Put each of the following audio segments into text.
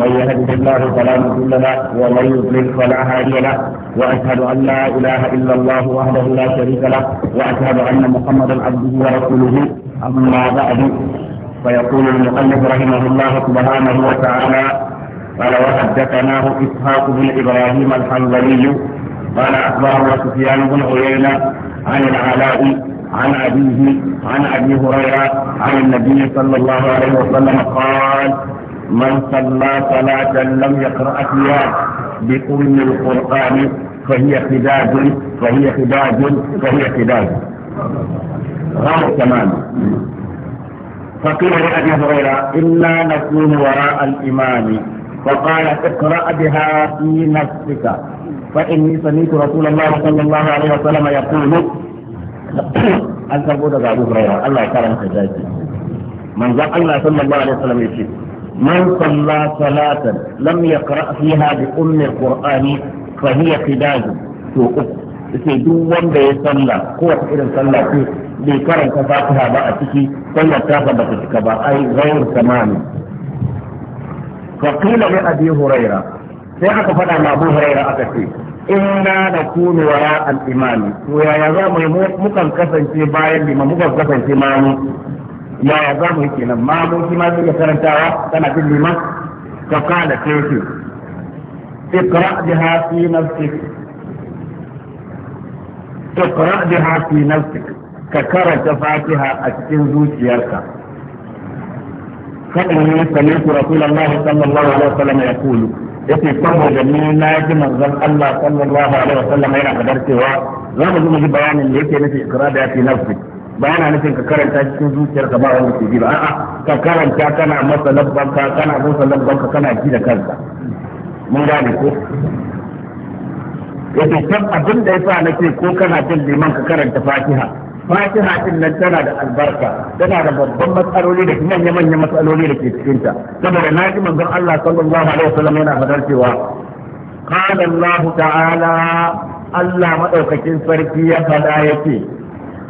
من يهده الله فلا مضل له ومن يضلل فلا هادي له واشهد ان لا اله الا الله وحده لا شريك له واشهد ان محمدا عبده ورسوله اما بعد فيقول المؤلف رحمه الله سبحانه وتعالى قال وحدثناه اسحاق بن ابراهيم الحنظلي قال اخبرنا سفيان بن عيينه عن العلاء عن أبيه عن أبي هريرة عن النبي صلى الله عليه وسلم قال من صلى صلاة لم يقرأ فيها بأم القرآن فهي خداج فهي خداج فهي خداج غير تماما فقيل لأبي هريرة إنا نكون وراء الإمام فقال اقرأ بها في نفسك فإني سمعت رسول الله صلى الله عليه وسلم يقول an karbo daga Abu Hurairah Allah ya karanta zaki manzon Allah sallallahu alaihi wasallam yace man salla salatan lam yaqra fiha bi ummi alqur'ani fa hiya qidaj to yace duk wanda ya salla ko wata irin salla ce bai karanta Fatiha ba a ciki sallar ta ba ta cika ba ai ghayr tamami fa qila li abi hurairah sai aka faɗa ma abu hurairah aka ce inna na kunu wa ya al'imani to yaya za mu yi mukan kasance bayan lima mukan kasance mamu yaya za mu yi kenan mamu shi ma zai karantawa tana bin liman ka kala teku اقرأ بها في nafsik. Ka karanta fatiha a cikin zuciyarka. أتكن زوجيك فإني سمعت رسول الله صلى الله عليه ya kulu. yake saboda ni na ji manzon Allah sallallahu alaihi sallam yana kadar cewa za mu ji mu ji bayanin da yake nufi ikrar da fi nafsi ba yana nufin ka karanta cikin zuciyar ka ba wanda ke ji ba a'a ka karanta kana masa ka kana masa labbanka kana ji da kanka mun gane ko yake san abin da yasa nake ko kana jin liman ka karanta Fatiha fatiha din nan tana da albarka tana da babban matsaloli da manya manya matsaloli da ke cikin ta saboda na ji manzon Allah sallallahu alaihi wasallam yana fadar cewa qala Allah ta'ala Allah madaukakin sarki ya fada yake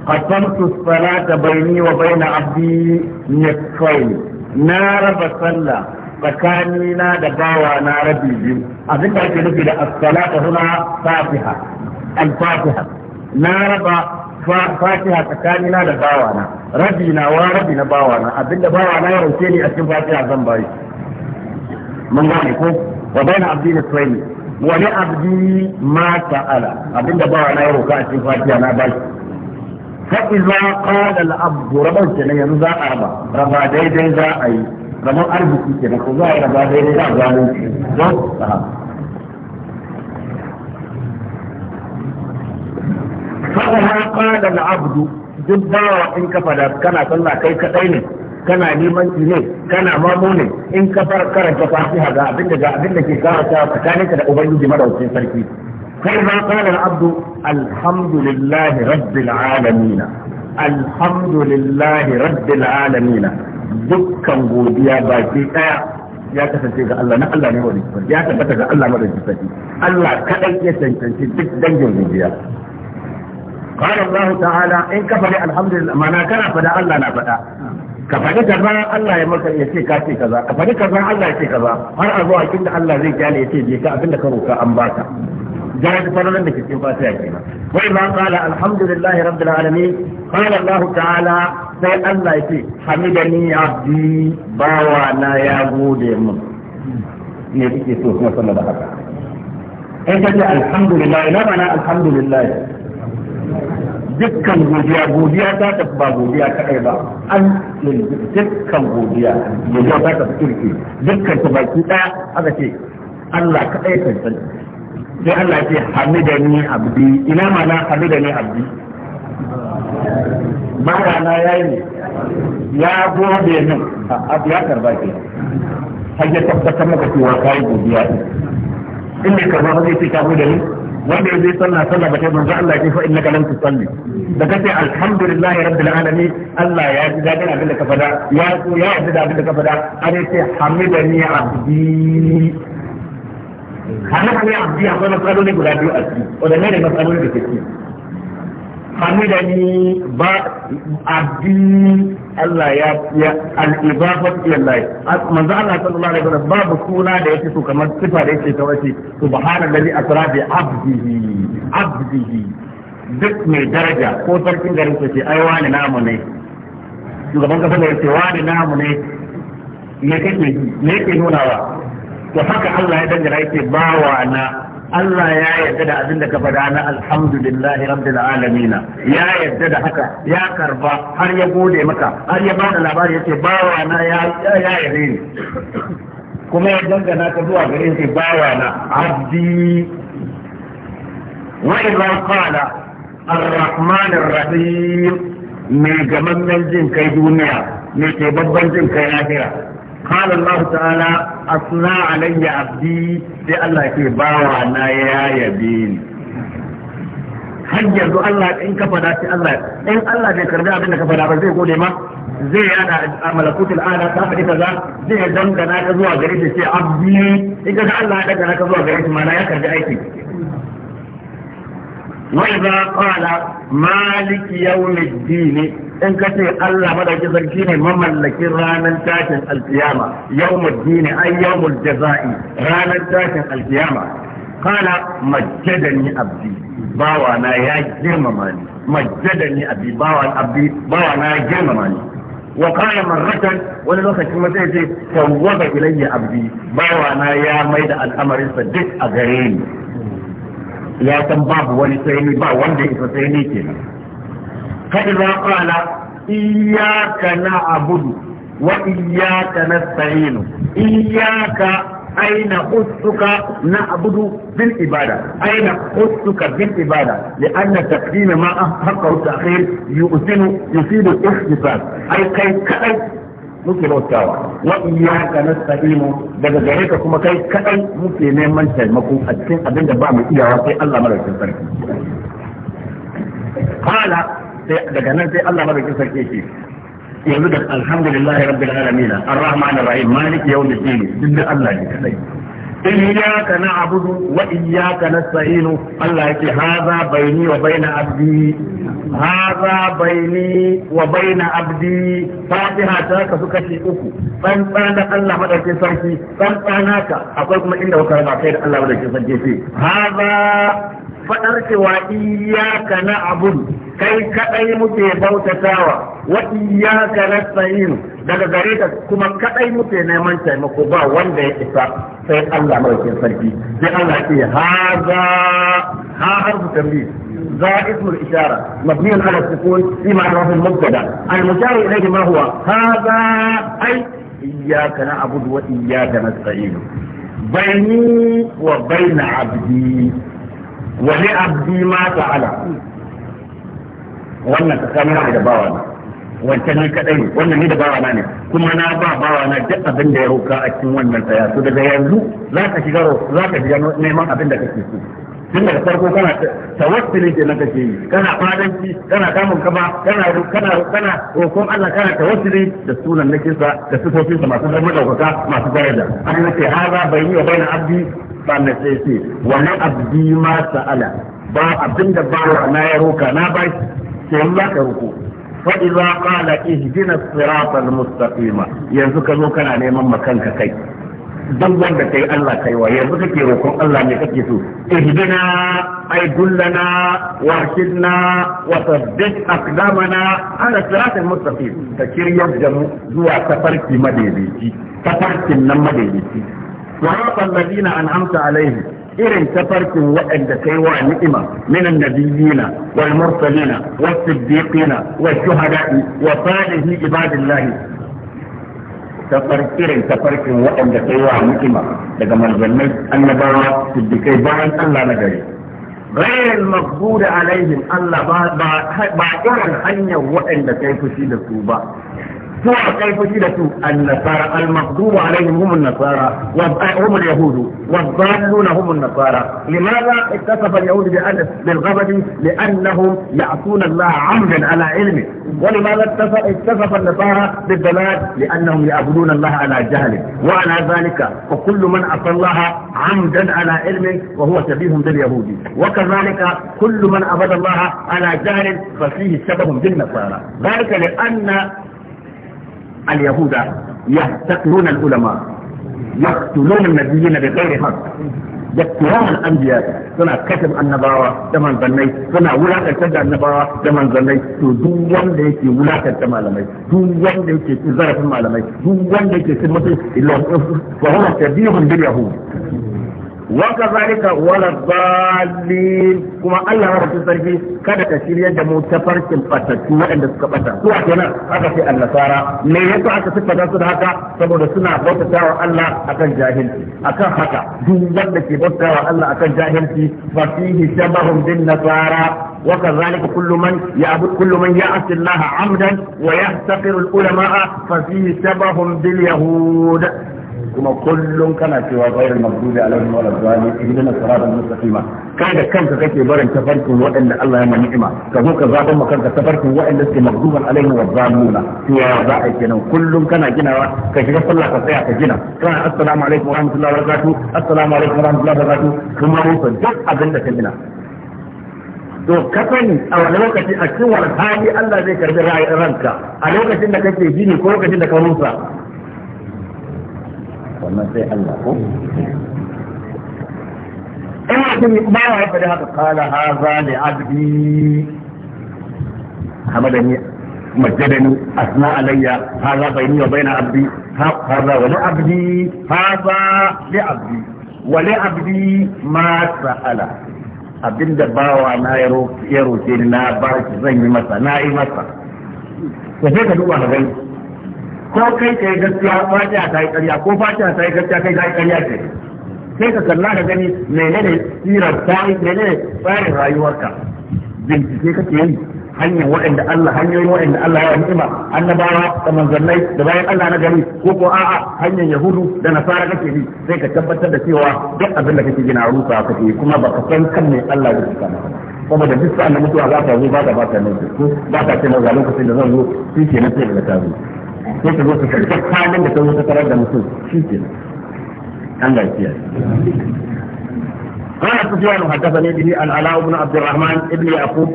qasamtu salata baini wa baina abdi nisfaini na raba sallah tsakanina da bawa na rabi biyu abin da ake nufi da as-salata huna fatiha al-fatiha na raba fatiha tsakanina da bawana rabi na wa rabi na bawana abinda bawana ya rauke ni a cikin fatiha zan bari mun gane ko wa bayna abdi da tsayi wani abdi ma ta'ala abinda bawana ya roka a cikin fatiha na bari fa iza qala al abd rabban kenan yanzu za a raba raba daidai za a yi rabon arziki kenan ko za a raba daidai za a zalunci don فلها قال Abdu duk bawa in ka fada kana sallah kai kadai ne kana limanci ne kana mamu ne in ka fara karanta fatiha ga abinda ga abinda ke karanta tsakaninka da ubangiji madaukakin sarki kai ma qala al-abdu alhamdulillahi rabbil alamin alhamdulillahi rabbil alamin dukkan godiya ba ke daya ya kasance ga Allah na Allah ne wani ya tabbata ga Allah madaukakin sarki Allah kadai ya cancanci duk dangin godiya qala Allah ta'ala in ka faɗi alhamdulillah mana kana faɗa Allah na faɗa ka faɗi kaza Allah ya maka ya ce ka ce kaza ka faɗi kaza Allah ya ce kaza har a zuwa kin da Allah zai kyale ya ce ka جاءت فرنا لك في فاتحة كما وإما قال الحمد لله رب العالمين قال الله تعالى سي الله يتي حمدني عبدي باوانا يا غودي من يتي سوف نصنا بحقا إنت الحمد لله لا معنى الحمد لله dukkan godiya godiya ta tafi ba godiya kadai ba an dukkan godiya godiya ta tafi kirki dukkan ta baki daya aka ce Allah kadai san sai Allah ce hamidani abdi ina mana hamidani abdi bara na yayi ne ya gode min abu ya karba ke har ya tabbatar maka cewa kai godiya in ne karba ba zai ta mu da ni wanda ya zai sallah sallah ba ta manzo Allah ya fa innaka lam tusalli da kace alhamdulillah rabbil alamin Allah ya ji dadin abin da ka fada ya so ya yarda da da ka fada an ce hamidani abdi hamidani abdi akwai matsaloli guda biyu a ciki wadanne ne matsaloli da ke ciki hamidani ba abdi Allah ya ya al-ibafa Allah manzo Allah sallallahu alaihi wasallam babu suna da yake so kamar sifa da yake ta wace subhanallazi asra bi abdihi abdihi duk mai daraja ko sarkin garin su ce ai wani namu ne shugaban kasa ne ce wani namu ne me kake me yake nuna wa to haka Allah ya dangana yake bawa na Allah ya yarda da abin da ka faɗa na alhamdulillahi rabbil alamin ya yarda da haka ya karba har ya gode maka har ya bada labari yace bawa na ya ya yarda ni kuma ya dangana ka zuwa gare shi bawa na abdi wa idza qala ar-rahman mai gamammen jin kai duniya mai babban jin kai lahira قال الله تعالى أثنى علي عبدي في الله كي باوى أنا يا يبين hanyar zo Allah in ka fada shi Allah in Allah bai karbi abin da ka fada ba zai gode ma zai yana a malakutul ala ta faɗi kaza zai dangana ka zuwa gare shi sai abdi in ka Allah ya dangana ka zuwa gare shi ma na ya karbi aiki وإذا قال مالك يوم الدين إن كتير الله مدى جزر كيني ممن لكي رانا تاشن القيامة يوم الدين أي يوم الجزاء رانا تاشن القيامة قال مجدني أبدي باوانا يا جرمماني مجدني أبدي باوانا أبدي باوانا يا جرمماني وقال مرة wani lokaci kuma zai ce tawwaba ilayya abdi bawana ya maida al'amarin ya san babu wani sayani ba wanda ya isa saini ke nan kadi za iyaka na abudu wa iyaka na sayinu iyaka aina ustuka na abudu bin ibada aina ustuka bin ibada li anna takdima ma haqqa ta'khir yu'tinu yusidu ihtisab ay kai kaɗai. muke bautawa wa iyyaka nasta'inu daga gare ka kuma kai kadai muke neman taimako a cikin abin da ba mu iyawa sai Allah madaukakin sarki qala sai daga nan sai Allah madaukakin sarki yake yanzu da alhamdulillahi rabbil alamin arrahmanir rahim maliki yawmiddin duk Allah ne kadai iyyaka abudu wa iyyaka sa'inu. Allah ya ce haza baini wa baina abdi haza baini wa baina abdi fatiha ta ka su ce uku dan tsana Allah madaukakin sarki dan tsana ka akwai kuma inda kuka raba kai da Allah madaukakin sarki sai haza fadar cewa iyyaka abudu kai kadai muke bautatawa wa iyyaka sa'inu. daga gare ka kuma kadai muke neman taimako ba wanda ya isa sai Allah madaukin sarki sai Allah ce haza ha harfu tambi za ismul ishara tambayi ذا اسم الإشارة mubtada al mujari ilayhi ma huwa haza إليه iyyaka na'budu wa iyyaka nasta'in نعبد wa نستعين abdi wa li abdi ma ta'ala wannan tsakanin da bawana wancan ni kadai wannan ni da bawa na ne kuma na ba bawa na duk abin da ya roka a cikin wannan saya to daga yanzu za ka shiga za shiga neman abin da kake so tun daga farko kana tawassuli ke nan kake yi kana fadanci kana kamun kama kana kana kana roƙon Allah kana tawassuli da sunan nake sa da sifofinsa masu zama daukaka masu daraja an nace haza bayni wa bayna abdi ba na sai sai wannan abdi ma sa'ala ba abinda bawa na ya roka na bai sai za ka roko فإذا قال اهدنا الصراط المستقيم ينزك لوكا على من مكانك kai. dan wanda kai Allah kaiwa, yanzu kake roƙon Allah ne kake so ihdina ay dullana warshidna wa sabbit aqdamana ala siratal mustaqim ta kiryar da zuwa tafarki madaidaici tafarkin nan madaidaici wa hada alladhina an'amta alaihim irin tafarkin waɗanda kai wa ni'ima minan nabiyina wal mursalina was siddiqina was shuhada'i wa salihi ibadillahi tafarkirin tafarkin waɗanda kai wa ni'ima daga manzannai annabawa siddiqai bayan Allah na gari غير المقبول عليهم الله با با با irin hanyar waɗanda kai fushi da su ba ثم كيف جلسوا النصارى المغضوب عليهم هم النصارى هم اليهود والضالون هم النصارى لماذا اتصف اليهود بالغضب لانهم يعصون الله عمدا على علمه ولماذا اتصف النصارى بالضلال لانهم يعبدون الله على جهله وعلى ذلك وكل من عصى الله عمدا على علمه وهو شبيه باليهود وكذلك كل من عبد الله على جهل ففيه شبه بالنصارى ذلك لان اليهود يهتقلون العلماء يقتلون النبيين بغير حق يقتلون الانبياء سنا كتب النبارة كمان ظني سنا ولا تكتب النبارة كمان ظني دوان ليك ولا تكتب مالمي دوان ليك تزرف مالمي دوان ليك تسمتي إلا وهو كبير باليهود waka zalika wala zali kuma Allah ya rubuta sarki kada ka shirya da mu ta farkin fatatu waɗanda suka bata su a kenan aka sai Allah sara me yasa aka sifata su da haka saboda suna bauta a Allah akan jahilci akan haka duk wanda ke bauta wa Allah akan jahilci fa fihi shabahum nasara waka zalika kullu man ya'bud amdan wa yahtaqiru al ulama fa fihi shabahum bil yahud kuma kullum kana cewa ghairul maghdubi alaihim waladdallin ihdina siratal mustaqim kai da kanka kake barin tafarkin waɗanda Allah ya ma ni'ima ka zo ka zaɓa ma kanka tafarkin waɗanda suke maghduban alaihim waladdallin cewa za a kenan kullum kana ginawa ka shiga sallah ka tsaya ka gina kana assalamu alaikum wa rahmatullahi wa barakatuh assalamu alaikum wa rahmatullahi wa barakatuh kuma rufe duk abin da ka gina to ka sani a wani lokaci a cikin wani hali Allah zai karbi ranka a lokacin da kake gini ko lokacin da ka rusa wannan sai Allah ko in mutum ba ya faɗi haka kala haza li abdi hamadani majadani asna alayya haza baini wa na abdi haza wa li abdi haza li abdi wa li abdi ma sa'ala abinda bawa na ya roke ni na ba shi zan yi masa na yi masa sai ka duba ka gani ko kai kai gaskiya fatiha ta yi ƙarya ko fatiha ta yi gaskiya kai ta yi ce sai ka kalla da gani menene tsirar ta yi menene tsarin rayuwarka bincike kake yi hanyar waɗanda Allah hanyoyin waɗanda Allah ya ni'ima annabawa da manzannai da bayan Allah na gari ko ko a'a hanyar yahudu da nasara kake bi sai ka tabbatar da cewa duk abin da kake gina rusa kake kuma baka san kan me Allah ya tsaka maka da duk sa'an da mutuwa za ta zo ba ta ba ta nan ko ba ta ce na lokacin da zan zo shi ke na sai da ta zo sai zo da da mutum shi ke قال سفيان حدثني به العلاء بن عبد الرحمن ابن يعقوب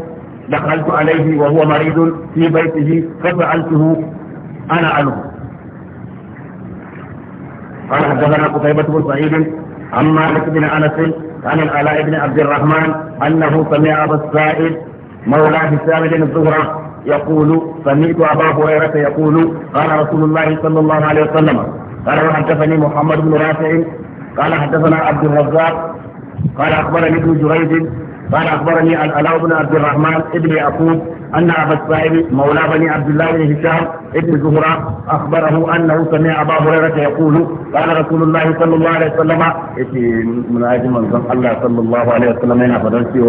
دخلت عليه وهو مريض في بيته فسألته أنا عنه قال حدثنا قتيبة بن سعيد عن مالك بن أنس عن العلاء بن عبد الرحمن أنه سمع بالسائل مولاه مولى بن الزهرة يقول سمعت أبا هريرة يقول قال رسول الله صلى الله عليه وسلم قال حدثني محمد بن رافع قال حدثنا عبد الرزاق قال أخبرني ابن جريج قال أخبرني الألاء بن عبد الرحمن ابن يعقوب أن أبا السائب مولى بني عبد الله بن هشام ابن زهرة أخبره أنه سمع أبا هريرة يقول قال رسول الله صلى الله عليه وسلم من الله صلى الله عليه وسلم هنا فدرسي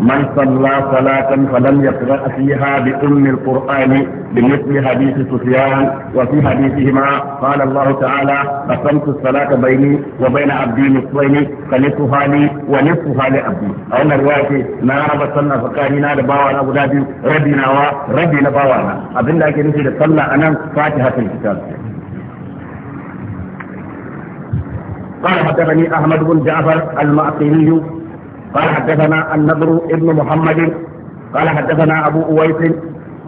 من صلى صلاة فلم يقرأ فيها بأم القرآن بمثل حديث سفيان وفي حديثهما قال الله تعالى قسمت الصلاة بيني وبين عبدي نصفين فنصفها لي ونصفها لعبدي أو رواية ما نعم رب صلى فقالنا نعم لباوانا ولادي ربنا وربي لباوانا نعم أبن لك نسي صلى أنا فاتحة الكتاب قال حدثني أحمد بن جعفر المعقيني قال حدثنا النضر ابن محمد قال حدثنا أبو أويس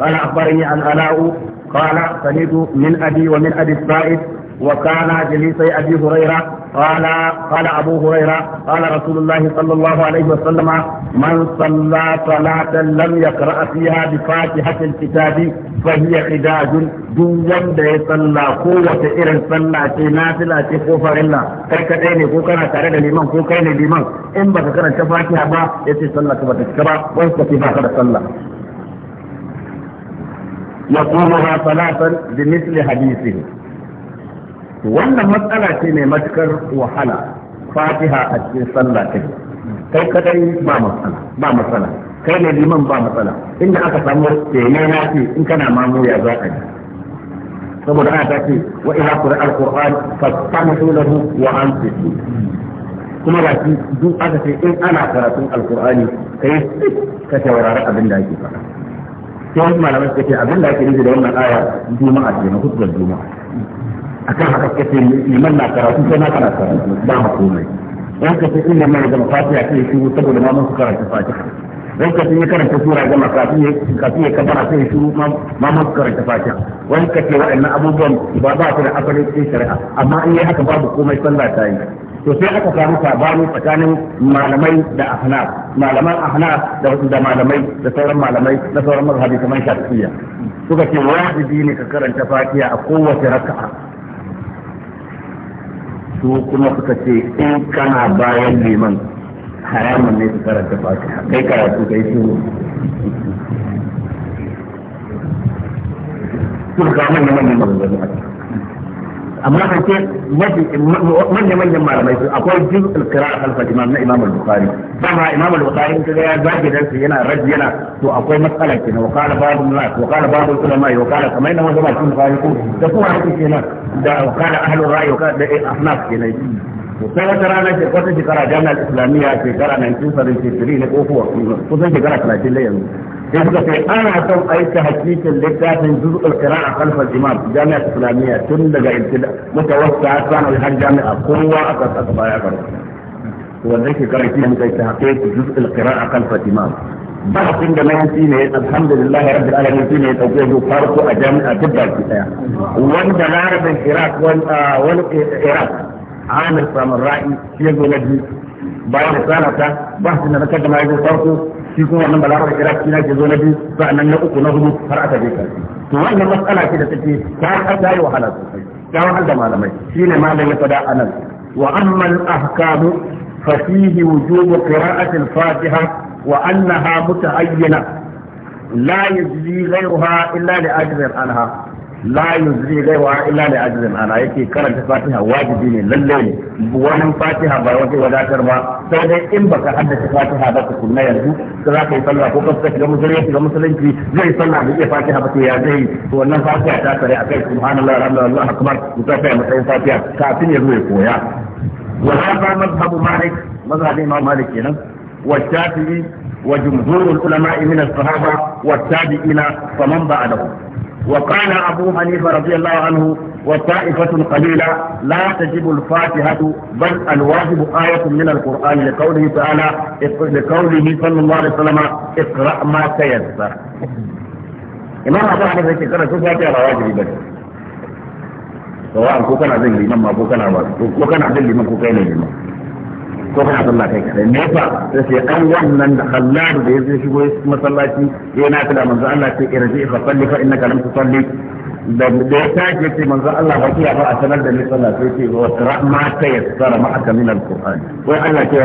قال أخبرني عن ألاء قال سمعت من أبي ومن أبي السائب وكان جليس أبي هريرة قال قال أبو هريرة قال رسول الله صلى الله عليه وسلم من صلى صلاة لم يقرأ فيها بفاتحة الكتاب فهي خداج دون يمد صلى قوة إرن صلى نافلة كفر الله كركتين كو كان تارد الإمام كو كان الإمام إن بك كان تفاتحة با يتي صلى كبتكبا وانسكي فاتحة صلى يقولها صلاة بمثل حديثه wannan matsala ce mai matukar wahala fatiha a cikin sallah take kai kadai ba matsala ba matsala kai ne liman ba matsala inda aka samu tene na ce in kana mamu ya za a yi saboda ana ta ce wa ila qur'an alquran fastami'u lahu wa ansitu kuma ba shi duk aka ce in ana karatun alqur'ani kai ka saurari abin da yake faɗa sai wani malamai suka ce abin da yake nufi da wannan aya juma'a ce na hukumar juma'a akan haka kace liman na karatu sai na kana karatu ba ma komai in ka ce inda mai gama fatiha sai shiru saboda ma mun karanta fatiha wani ka ya karanta sura gama kafin ya kafin ya kabara sai shiru ma mun karanta fatiha wani ka ce waɗannan abubuwan ba ba su da asalin cikin shari'a amma in yi haka babu komai sallah ta yi to sai aka samu sabani tsakanin malamai da ahnaf malaman ahnaf da wasu da malamai da sauran malamai da sauran mazhabi kamar shafi'iyya suka ce wajibi ne ka karanta fatiha a kowace raka'a su kuma suka ce in kana bayan liman haramun ne su karanta fatiha kai karatu kai shiru suka kawo manyan manyan a amma kan ce manya-manyan malamai su akwai jin ilkira a kalfar imam na imam al-bukhari dama imam al-bukhari in kaga ya zage dan su yana raji yana to akwai matsala kenan wa qala babu la wa qala babu ulama wa qala kamar na wanda ba cikin bukhari ko da kuma yake kenan da wa qala ahlur ra'yi wa qala eh, ahnaf kenan sai wata rana ke wata shekara jami'ar islamiyya shekara 1973 na kofuwa kusan shekara 30 da yanzu sai suka ce ana son aika hakikin littafin zuzul qira'a khalfal imam jami'ar islamiyya tun daga ibtida mutawassa sanar har jami'a kowa aka saka baya karo wannan shekarar shi ne muka yi ta hakikin zuzul qira'a khalfal imam darasin da nan shi ne alhamdulillah rabbil alamin shi ne dauke zo farko a jami'a duk baki daya wanda larabin iraq wani iraq amir samun ra'i ya zo na biyu bayan da sanata ba su na da farko shi kuma wannan balawar kira shi na ke zo na biyu sa'annan na uku na hudu har aka je karfi to wannan matsala ce da take ta ta yi wahala sosai ta wahala da malamai shine malam ya fada anan wa amma al-ahkamu fa fihi wujubu qira'ati al-fatiha wa annaha mutaayyana la yajzi ghayruha illa li ajrin anha la yuzri gaiwa illa da ajrin ana yake karanta fatiha wajibi ne lalle ne wannan fatiha ba wata wadatar ba sai dai in baka haddace fatiha ba ku kunna yanzu sai za ka yi sallah ko ka shiga musulunci ga musulunci zai salla da iya fatiha ba to ya zai to wannan fatiha ta tare akai subhanallahi alhamdulillahi akbar ku ta kai matsayin fatiha kafin ya zo ya koya wa hadha madhhabu malik mazhabin imam malik kenan والشافعي وجمهور العلماء من الصحابة والتابعين فمن بعدهم وقال أبو حنيفة رضي الله عنه وطائفة قليلة لا تجب الفاتحة بل الواجب آية من القرآن لقوله تعالى لقوله صلى الله عليه وسلم اقرأ ما تيسر إمام أبو حنيفة كتير سوف يأتي واجبي بس سواء كو كان عزيز الإمام أبو كان عزيز كو كان عزيز الإمام كو كان الإمام ko kana sallah kai kadai me sai sai an wannan da da shigo masallaci kula manzo Allah ce irji fa salli fa innaka lam tusalli da da ya take ce manzo Allah ba a sanar da ni sallah sai ce wa ma tayassara ma'aka min alquran wai Allah ce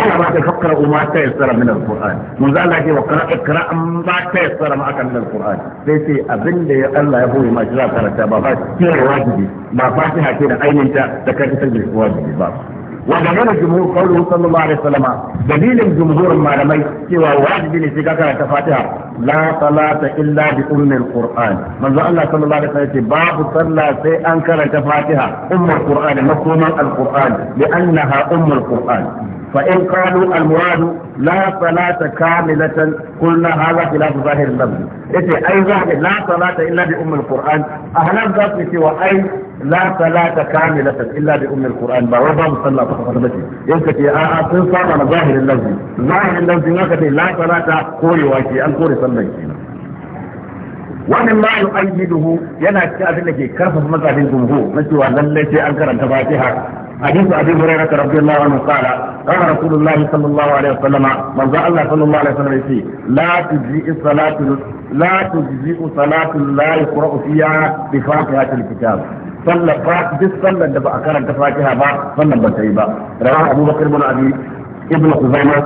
Allah ba ta fakkara ma tayassara min alquran manzo Allah ce wa ikra ma min alquran sai ce abinda ya Allah ya boye ma shi karanta ba ba ce wajibi ba fatiha ce da ainihin ta da kai ta wajibi ba ودليل الجمهور قوله صلى الله عليه وسلم دليل الجمهور المعلمي سوى واجب لسكاكا تفاتها لا صلاة إلا بأم القرآن من الله صلى الله عليه وسلم باب صلى سي أنكر تفاتها أم القرآن مفهوما القرآن لأنها أم القرآن فإن قالوا المراد لا صلاة كاملة قلنا هذا خلاف ظاهر اللفظ إيه أي ظاهر لا صلاة إلا بأم القرآن أهلا ذات سوى أي la salata kamilatan illa bi ummil qur'an ba babu sallah ta fata bace yan kace a a sun saba na zahirin lafzi zahirin lafzi ya kace korewa ke an kore sallan kenan wannan ma yu'ayyiduhu yana abin da ke karfafa na cewa lallai sai an karanta fatiha حديث ابي هريره رضي الله عنه قال قال رسول الله صلى الله عليه وسلم من ذا الله صلى الله عليه وسلم يسي لا تجزئ صلاه لا تجزئ صلاه لا يقرا فيها بفاتحه الكتاب sallar fa duk sallar da ba a karanta fatiha ba sannan ba ta yi ba rawahu abubakar bin abi ibnu huzama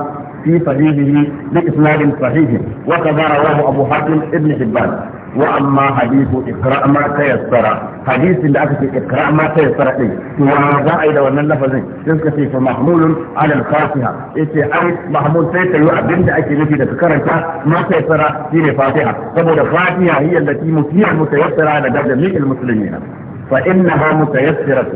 fi sahihihi bi isnadin sahihi wa kadha rawahu abu hatim ibn hibban wa amma hadithu iqra ma tayassara hadithin da aka ce iqra ma tayassara wa za a yi da wannan lafazin sai suka ce fa mahmulun ala al-fatiha yace ai mahmul sai ta yi abinda ake nufi da karanta ma si ne fatiha saboda fatiha hiya allati mutiya mutayassara da dadda Musulmi muslimina فإنها متيسرة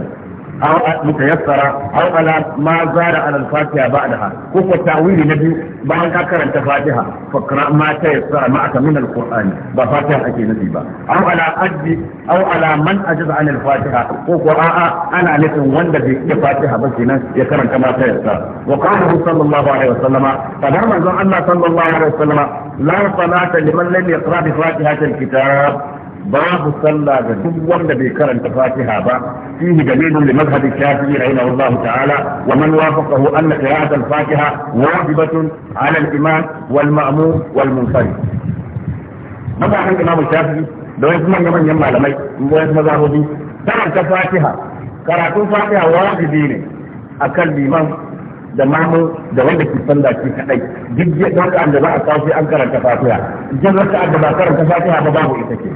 أو متيسرة أو على ما زال على الفاتحة بعدها كف التأويل نبي بعد أكثر أنت فاتحة فاقرأ ما تيسر معك من القرآن بفاتحة أكي نسيبا أو على أجد أو على من أجد عن الفاتحة وقراءة أنا لكم وند في فاتحة بس يكرم كما تيسر وقاله صلى الله عليه وسلم فنعم أن الله صلى الله عليه وسلم لا صلاة لمن لم يقرأ بفاتحة الكتاب Ba babu sallah ga duk wanda bai karanta fatiha ba fihi dalilun li mazhab shafi'i rahimahullah ta'ala wa man wafaqahu anna qira'at al-fatiha wajibatun 'ala al-imam wal ma'mum wal munfarid mazhabin imam shafi'i da wasu manyan manyan malamai wasu mazhabobi karanta fatiha karatun fatiha wajibi ne akan liman da mamu da wanda ke sallah shi kadai duk yadda da za a kawo sai an karanta fatiha idan raka'a da ba karanta fatiha ba babu ita ke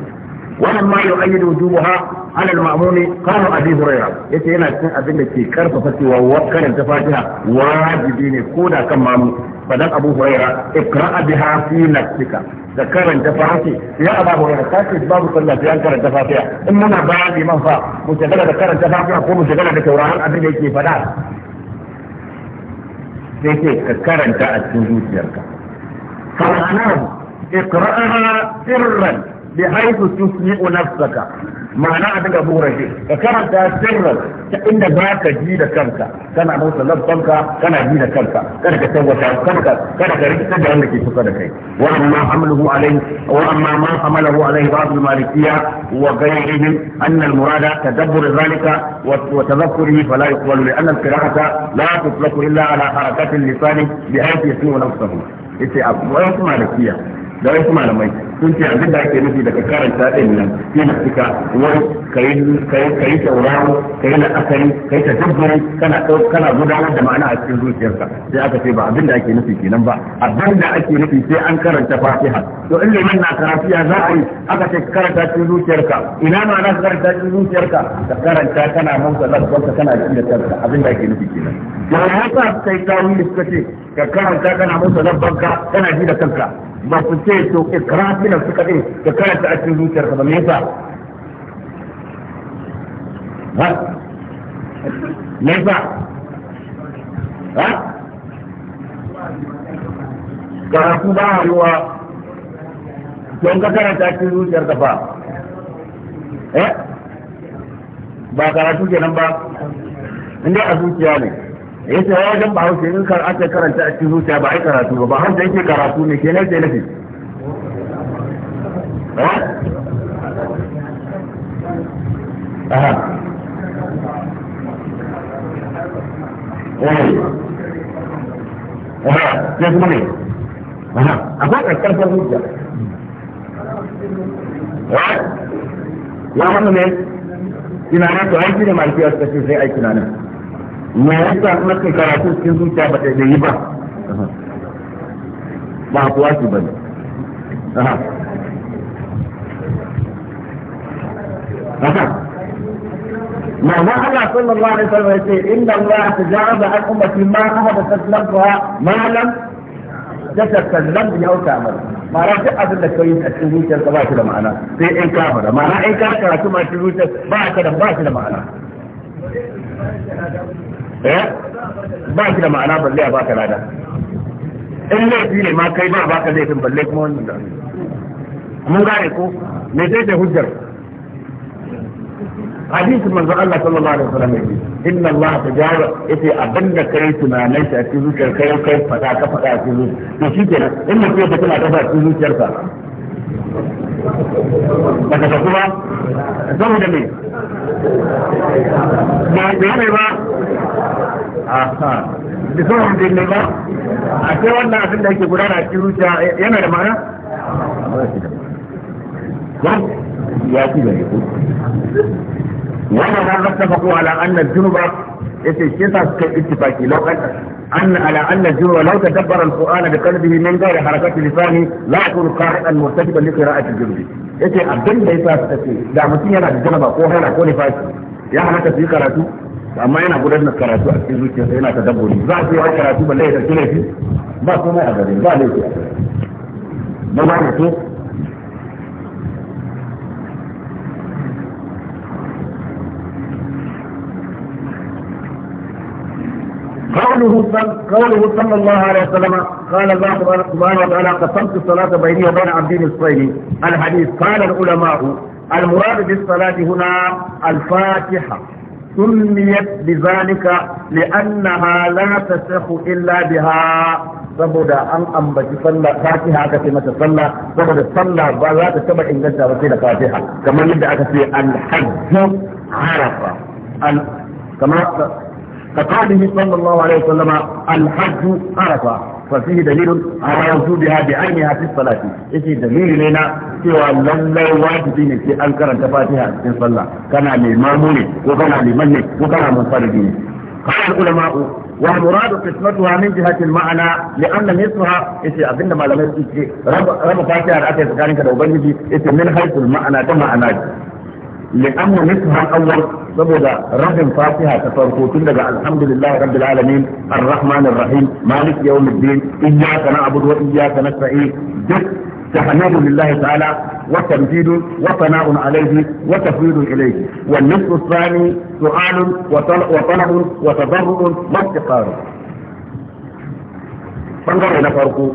Wannan ولما يؤيد وجوبها على المأموم قال أبي هريرة يتي yana cikin abin da ke karfafa cewa wakkarin ta fatiha wajibi ne ko da kan mamu fadan Abu Huraira ikra biha fi nafsika da karanta fatiha ya Abu Huraira ka ce babu sallah sai karanta fatiha in muna ba bayani man fa mu shagala da karanta fatiha ko mu shagala da tauraron abin da yake fada sai ce ka karanta a cikin zuciyarka fa ana ikra'aha sirran بحيث تسمع نفسك معنى عندك أبو رشيد فكرت سرا إن ذاك جيد كنك كان أبو سلام كنك كان جيد كنك كان كتوى كنك كان كريك تجعل لك سكنك وأما حمله عليه وأما ما حمله عليه بعض المالكية وغيرهم أن المراد تدبر ذلك وتذكره فلا يقبل لأن القراءة لا تطلق إلا على حركات اللسان بحيث يسمع نفسه. إيه أبو مالكية da wasu malamai sun ce abin da ake nufi daga karanta ɗin nan shi na cika wani kai kai sauraro kai na asali kai ta dabbari kana kana gudanar da ma'ana a cikin zuciyarka sai aka ce ba abin da ake nufi kenan ba abin da ake nufi sai an karanta fatiha to in liman na karatiya za a yi aka ce karanta cikin zuciyarka ina ma na karanta cikin zuciyarka ka karanta kana motsa lafiyarka kana cikin da kanka abin da ake nufi kenan ya haka sai tawili suka ce ka karanta kana motsa lafiyarka kana ji da kanka ba su ce to ikratina su din ka karanta a cikin ka ba me yasa ha me yasa ha karatu ba a ruwa don ka karanta a cikin zuciyar ka ba eh ba karatu kenan ba inda a zuciya ne ya ce wajen ba hausa in kar aka karanta a cikin zuciya ba ai karatu ba ba har da yake karatu ne kenan sai nafi eh? aha eh. aha eh? ya aha hannu ne ina na to aiki ne malkiyar ta ce sai aiki na nan me yasa na kai karatu cikin zuciya ba ta yi ba ba kuwa shi ba ne معنى الله صلى الله عليه وسلم يقول إن الله تجاوز عن أمتي ما أحدثت لفظها ما لم تتكلم به أو تعمل ما راح أبن لك كويس أتشوفيك الكباش لمعنى في إن كافر ما راح إن كافر أتشوفيك الكباش لمعنى Eh? ba shi da ma'ana balle a baka lada in laifi ne ma kai ba baka laifin balle kuma wani. da mun gane ko me zai da hujjar hadisi manzo Allah sallallahu alaihi wasallam yake inna Allah tajara yace abinda kai tunanin shi a cikin zuciyar kai kai fada ka fada a cikin zuciyar to shikenan in mutum ya tana ta cikin zuciyarsa daga ta kuma da me ba ne ba aha da sauran bin ne ba a ce wannan abin da yake gudana a cikin zuciya yana da ma'ana ya ci da ne wannan har rasta faku ala annan junuba yace shi yasa suka ittifaki lokacin أن على أن الجنوب لو تدبر القرآن بقلبه من غير حركة لسانه لا يكون قاعدا مرتكبا لقراءة الجنوب. يتي أبدل ليس تسي، دا متي أنا الجنوب أقوها أنا أقول فاسي. يا حركة في قراءته amma yana gudanar karatu a cikin zuciyarsa yana ta dabbobi za su yi wani karatu ba laifin ɗauki laifi ba komai a gari ba laifi a ba ba mutum قوله قوله صلى الله عليه وسلم قال الله سبحانه وتعالى قسمت الصلاة بيني وبين عبدي نصفين الحديث قال العلماء المراد بالصلاة هنا الفاتحة سميت بذلك لأنها لا تصح إلا بها saboda an ambaci sallah fatiha aka ce mata sallah saboda sallah ba za ta taba inganta ba sai da fatiha kamar yadda aka ce al-hajj arafa al alaihi ففيه دليل على وجودها بعينها في الصلاة إيش دليل لنا سوى لله واجبين في أنكر تفاتيها في الصلاة كان لإمامون وكان لمن وكان منفردين قال العلماء والمراد قسمتها من جهة المعنى لأن نصفها إيش أبن ما لم يسكت رب رب فاتحة أتى سكانك لو بنجي إيش من حيث المعنى كما أنا لأن نسبة الأول سبب رحم فاتحة تفرقوتين لك الحمد لله رب العالمين الرحمن الرحيم مالك يوم الدين إياك نعبد وإياك نستعين جد تحميد لله تعالى وتمجيد وثناء عليه وتفويض إليه والنصف الثاني سؤال وطلب وتضرع وافتقار. فانظر الى farko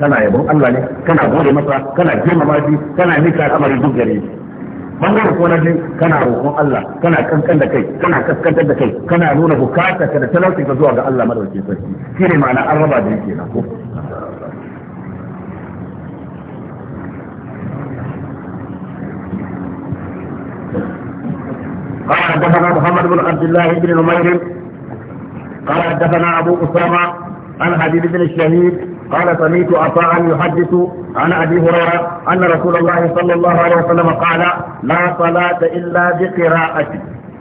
kana yabon Allah ne kana gode masa kana girmama shi kana nika al'amari duk bangare ko na biyu kana roƙon Allah kana kankan da kai kana kaskantar da kai kana nuna bukata ka da talauci ka zuwa ga Allah madauki sarki shine ma'ana an raba da yake na ko قال حدثنا محمد بن عبد الله بن نمير قال حدثنا ابو اسامه عن حبيب بن الشهيد قال سمعت عطاء يحدث عن ابي هريره ان رسول الله صلى الله عليه وسلم قال لا صلاه الا بقراءه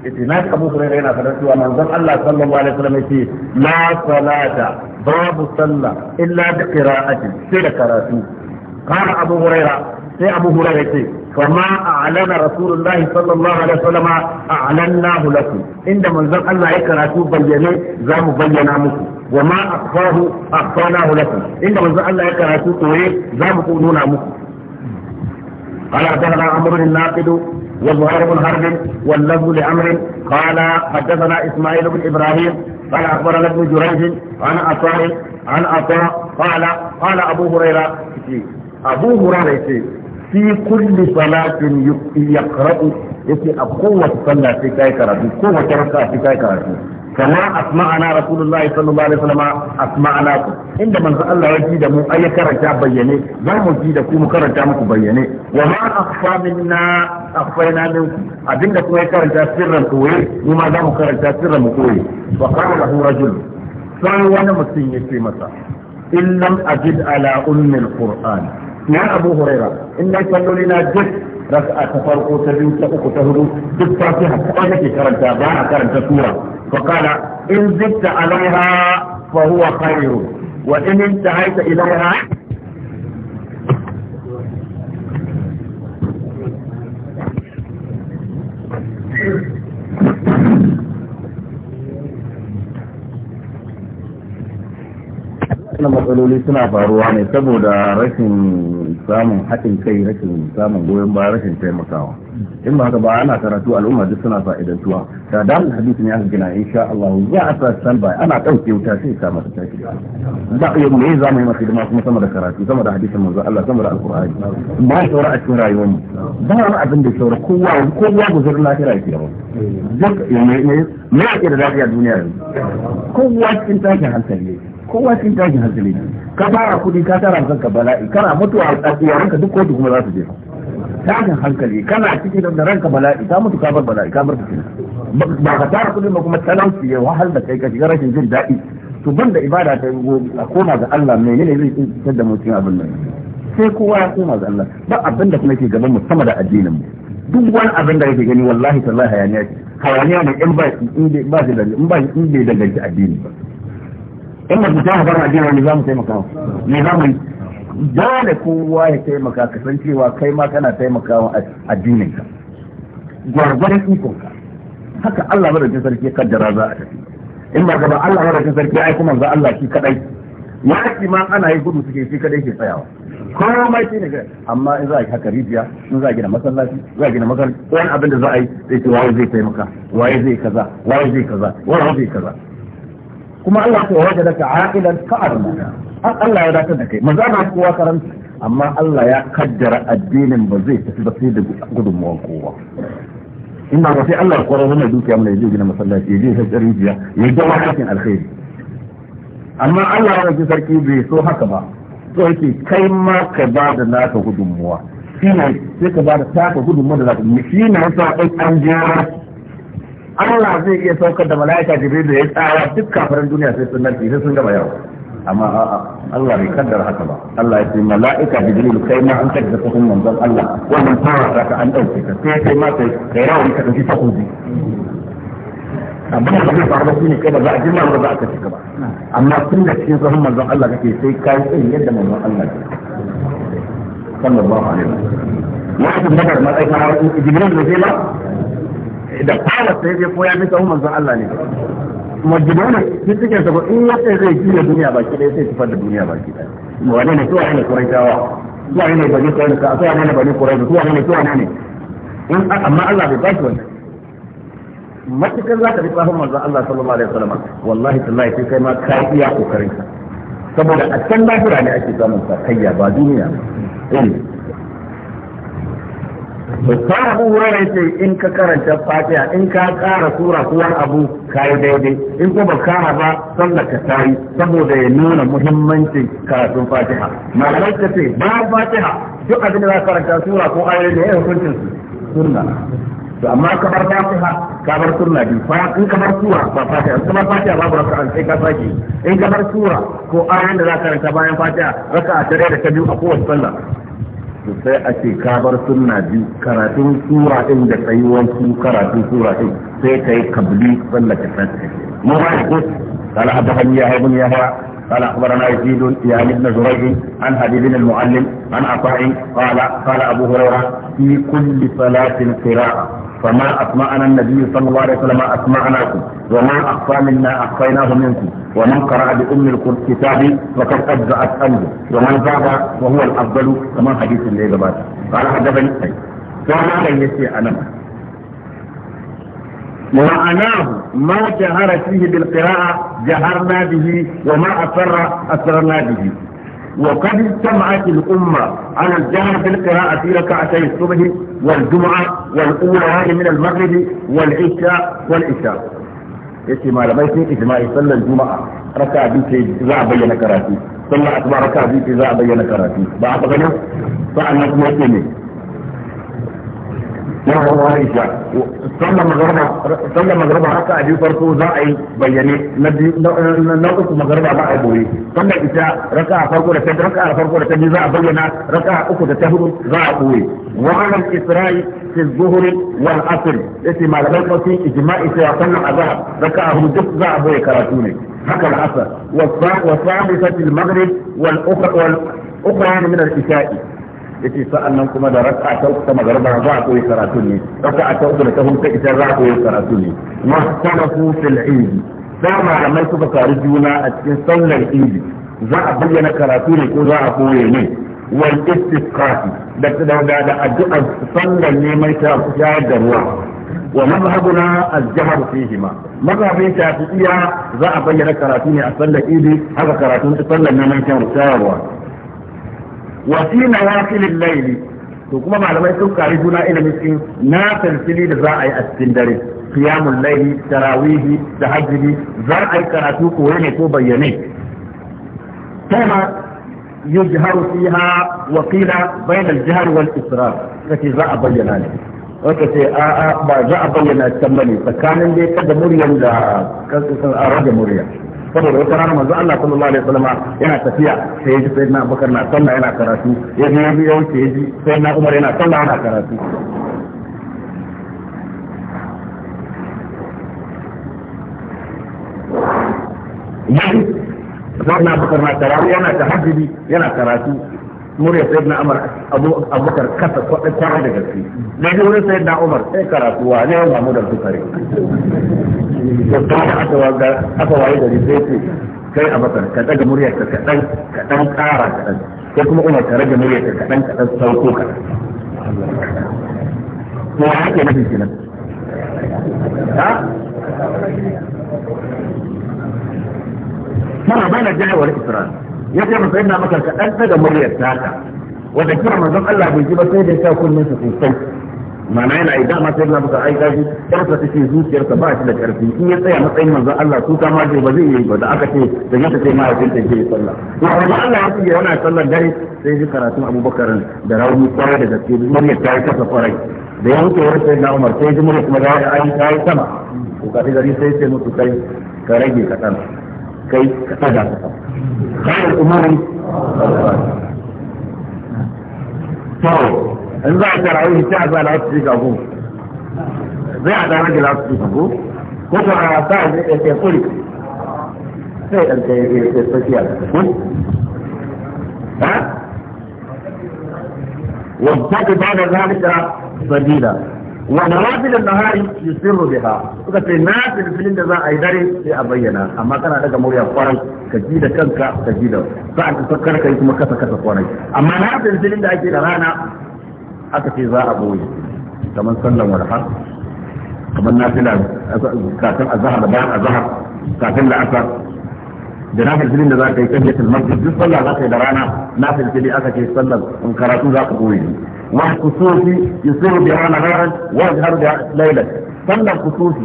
اتناد ابو هريره هنا فدرت ومنزل الله صلى الله عليه وسلم يقول لا صلاه باب صلى الا بقراءه سير كراتو قال ابو هريره sai abu hura ya ce fama a alana rasulullahi sallallahu alaihi wasallam a alanna lakum inda manzon Allah ya karatu bayyane za mu bayyana muku وما أخفاه أخفاناه لكم إن من ذا الله يكره سوء ذا نونا مكو قال حدثنا عمر الناقد وزهير بن حرب واللفظ لعمر قال حدثنا اسماعيل بن ابراهيم قال اخبرنا ابن جريج عن عطاء عن عطاء قال قال ابو هريره ابو هريره في كل صلاة يقرأ يقرأ يقرأ قوة صلاة في كاي كراتي قوة ركعة في كاي كراتي kama asma'ana rasulullahi sallallahu alaihi wasallam asma'ana ku inda manzo Allah ya ji da mu ay karanta bayyane zamu mu ji da ku mu karanta muku bayyane wa ma akhfa minna abinda kuma karanta sirran koyi mu ma za mu karanta sirran mu koyi wa qala lahu rajul sai wani mutum yace masa in lam ajid ala ummi alquran abu huraira inda na na duk raka'a ta farko ta biyu ta uku ta hudu duk fatiha kawai nake karanta ba a karanta sura فقال إن زدت عليها فهو خير وإن انتهيت إليها Thank you. wannan matsaloli suna faruwa ne saboda rashin samun haɗin kai rashin samun goyon baya rashin taimakawa in ba haka ba ana karatu al'umma duk suna fa'idantuwa da dan hadisi ne aka gina insha Allah za a sa salba ana ɗauke wuta sai ta mata take ba ya me za mu yi masa hidima kuma sama da karatu sama da hadisin manzo Allah sama da alqur'ani ba saura a cikin rayuwarmu ba wani abin da saura kowa kowa guzur lafiya ke yawa duk me me me ake da lafiya duniya kowa cikin tashin hankali kowa cikin tashin hankali ne ka fara kudi ka tara ka bala'i kana mutuwa a ranka duk kotu kuma za su je tashin hankali kana cikin da ranka bala'i ka mutu ka bar bala'i ka bar cikin ba ka tara kudi ba kuma talauci ya wahal da kai ka shiga rashin jin daɗi to banda ibada ta a koma ga Allah menene zai ta da mutum abin nan sai kowa ya koma ga Allah ba abin da kuma ke gaban mu sama da addinin mu duk wani abin da yake gani wallahi tallahi hayaniya ce hayaniya ne in ba shi da in in bai danganci addini ba in ba mu taimaka da wani za mu taimaka wa me za mu yi dole kowa ya taimaka ka san cewa kai ma kana taimakawa addininka gwargwadon ikonka haka Allah madaukin sarki ya kaddara za a tafi in ba gaba Allah madaukin sarki ya kuma za Allah shi kadai yaki ma ana yi gudu suke shi kadai ke tsayawa komai shi ne amma in za a yi haka rijiya in za a gina masallaci za a gina masallaci wani abin da za a yi sai ce waye zai taimaka waye zai kaza waye zai kaza waye zai kaza kuma Allah ya waje da aqilan fa'arna Allah ya dace da kai Maza na kowa karanta amma Allah ya kaddara addinin ba zai tafi ba sai da gudunmuwar kowa in ba sai Allah ya kwarar wannan dukiya mun yaje gina masallaci yaje sai rijiya ya ga wakatin alkhairi amma Allah ya waje sarki bai so haka ba so yake kai ma ka ba da naka gudunmuwa shine sai ka ba da taka gudunmuwa da zaka shine yasa an jira Allah zai iya saukar da mala'ika Jibrilu ya tsara duk kafirin duniya sai sun narke sai sun gaba yawa amma a'a Allah bai kaddara haka ba Allah ya ce mala'ika Jibrilu kai ma an kaddara sakon manzon Allah wannan fara da ka an dauke ka sai kai ma kai kai rawan ka dauki takobi abin da zai faru shine kai ba za a jima ba za a kace ka ba amma tun da cikin sakon manzon Allah kake sai tsayin yadda manzon Allah ke sallallahu alaihi wasallam wa'idun badar ma aika har jibril ne ba da fara sai zai ko ya fi sahun manzon Allah ne majidona shi suke sabo in ya ce zai jiya duniya baki ɗaya sai tufar da duniya baki ɗaya Wani ne suwa ne kuraitawa suwa ne bani kuraita suwa ne bani kuraita suwa ne suwa ne in amma Allah bai bashi wani. matukar za ka rika manzon Allah sallallahu alaihi wasallam wallahi tallahi sai kai ma ka iya kokarin saboda a can lafiya ne ake samun sakayya ba duniya ba Sai Abu Hurairah yace in ka karanta Fatiha in ka kara sura ko wani abu kai daidai in ko ba kara ba sallar ka tayi saboda ya nuna muhimmancin karatun Fatiha. Malamai ta ce ba Fatiha duk abin da za karanta sura ko ayoyi ne ya hukuncin sunna. to amma ka bar fatiha ka bar sunna bi fa in ka bar sura ba fatiha in ka bar fatiha babu raka'a sai ka saki in ka bar sura ko ayoyin da za ka karanta bayan fatiha raka'a tare da ta biyu a kowace sallah to sai a ce ka bar sunna biyu karatun sura din da tsayuwar su karatun sura din sai ka yi kabli tsallaka tsallaka mu ba ku kala abban ya haibun ya hawa قال اخبرنا يزيد يعني ابن جريج عن حبيب muallim an عطاء قال قال abu هريره fi kulli salatin qira'a فما أسمعنا النبي صلى الله عليه وسلم أسمعناكم وما أخفى منا أخفيناه منكم ومن قرأ بأم الكتاب فقد أجزأت قلبه ومن زاد وهو الأفضل كما حديث الليل قال حدثني أي فما لن يسيء أنا معناه ما جهر فيه بالقراءة جهرنا به وما أسر أسرنا به وقد اجتمعت الأمة على الجهر بالقراءة في ركعتي الصبح والجمعة والأولى هذه من المغرب والعشاء والعشاء اتمال بيتي اتماع صلى الجمعة ركع بيتي إذا أبين كراتي صلى أكبر ركع بيتي إذا أبين كراتي بعض غنى فأنا سمعتني na wawari ta sallar magarba sallar magarba haka a biyu farko za a yi bayyane na biyu na uku magarba za a yi boye sallar ita raka a farko da ta raka a farko da ta biyu za a bayyana raka a uku da ta hudu za a boye wa'alam isra'i fi zuhuri wal asr yace malaman kwasin ijma'i cewa sallar azhar raka a hudu duk za a boye karatu ne haka al'asar wa sa'isati al-maghrib wal ukhra wal ukhra min al-isha'i yace sa'an kuma da raka ta uku ta magarba za a koyi karatu ne raka ta uku da ta hudu ita za a koyi karatu ne mahtarafu fil idi da malamai suka faru juna a cikin sallar idi za a bayyana karatu ne ko za a koye ne wal istisqafi da da da addu'a sallar neman ta shayar da ruwa wa mazhabuna al-jahr fihima mazhabin shafi'iyya za a bayyana karatu ne a sallar idi haka karatun sallar neman ta shayarwa wa fi nawafilil to kuma malamai sun kari juna ilimin cikin na tafsiri da za a yi a cikin dare qiyamul layli tarawihi tahajjudi za a yi karatu ko ne ko bayyane kama yujharu fiha wa qila bayna al-jahr wal israr kace za a bayyana ne wata ce a a ba za a bayyana can bane tsakanin dai kada muryar da kansu sun a rage saboda wata rana manzo Allah sallallahu alaihi wasallam yana tafiya sai yaji sayyidina Abubakar na sallah yana karatu yaji yaji yaji yaji sayyidina Umar yana sallah yana karatu yaji sayyidina Abubakar na karatu yana tahajjudi yana karatu murya sai na amar abubakar kasa kwaɗa ta da gaske na yi wurin sai na umar sai eh, karatu ne yawan mamu da sukari da ta da aka waye gari sai ce kai a bakar ka daga murya ka kaɗan kaɗan ƙara kaɗan sai kuma umar ka rage murya ka kaɗan kaɗan sauko kaɗan to ya haƙe na fiskinan mana bana jihar wani isra'ila ya ce masa yana maka ka dan daga muryar taka wanda kira manzon Allah bai ji ba sai da ya sa kullun su sosai mana yana idan ma sai na maka ai gaji karfa take zuciyarsa ba shi da karfi in ya tsaya matsayin manzon Allah su ta ma ba zai yi ba da aka ce da ya ce ma yakin take sallah to amma Allah ya ce yana sallar dare sai ji karatun Abubakar da rauni kwarai da gaske muryar ta yi kasa kwarai da ya wuce wurin sai na Umar sai ji muryar kuma da ya yi sama to kafin gari sai sai mutu kai ka rage kaɗan كيف قدر قال الأمري طول طيب، إن بعد رأيه سعب على أصلي كابوس بعد رجل أصلي كابوس قطع على سعب يقول في أنت يستشيال إيه ها وابتكت بعد ذلك بديلا wa nawafil an-nahari yusirru biha suka ce na filfilin da za a yi dare sai a bayyana amma kana daga murya kwarai ka ji da kanka ka ji da sa'an ka sakkar kai kuma kasa kasa kwarai amma na filfilin da ake da rana aka ce za a boye kamar sallan warha kamar nafila kafin azhar da bayan azhar kafin la'asar da na filfilin da za ka yi kan yatin masjid duk sallah za ka yi da rana na filfili aka ce sallan, in karatu za ka boye والكسوف يصير بها نهارا ويظهر بها ليلا صلى الكسوف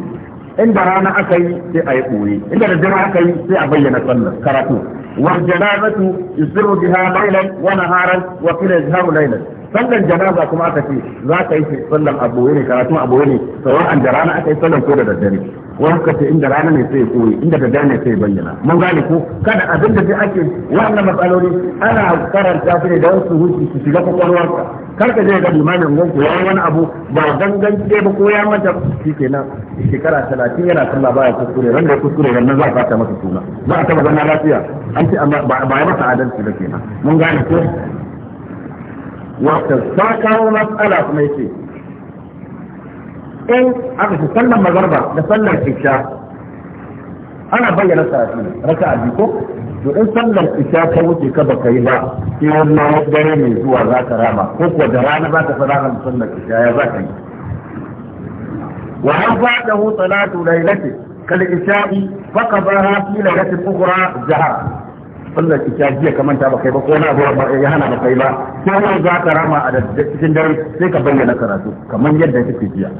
inda rana aka yi sai a yi ɓoye inda da jira aka yi sai a bayyana sallar karatu wal janazatu yusiru biha laylan wa naharan wa qila yazharu laylan sallan janaza kuma aka ce za ka yi sallan a ne karatu a da rana aka yi sallan ko da daddare wani kace inda rana ne sai koyi inda da dare ne sai bayyana mun gane ko kada abin da sai ake wannan matsaloli ana karanta su ne da wasu hutu su shiga kwakwalwarka kar ka je ga limamin gonku ya wani abu ba gangan ba ko ya mata nan shekara talatin yana sallah baya kuskure ran da kuskure ran za ka fata masa suna za a taba zama lafiya an ce ba ya masa adalci ba kenan mun gane ko wata ta kawo matsala kuma yake in aka fi sallar mazarba da sallar isha ana bayyana sarafi raka'a biyu ko to in sallar isha ta wuce ka baka yi ba sai wannan dare mai zuwa za ka rama ko kuwa da rana za ka fi rana sallar isha ya za ka yi wa an faɗahu salatu lailati kal isha'i faqadaha fi lailatin ukhra jihar. sallar isha jiya ka manta baka yi ba ko na ba ya hana baka yi ba sai za ka rama a cikin dare sai ka bayyana karatu kamar yadda kake jiya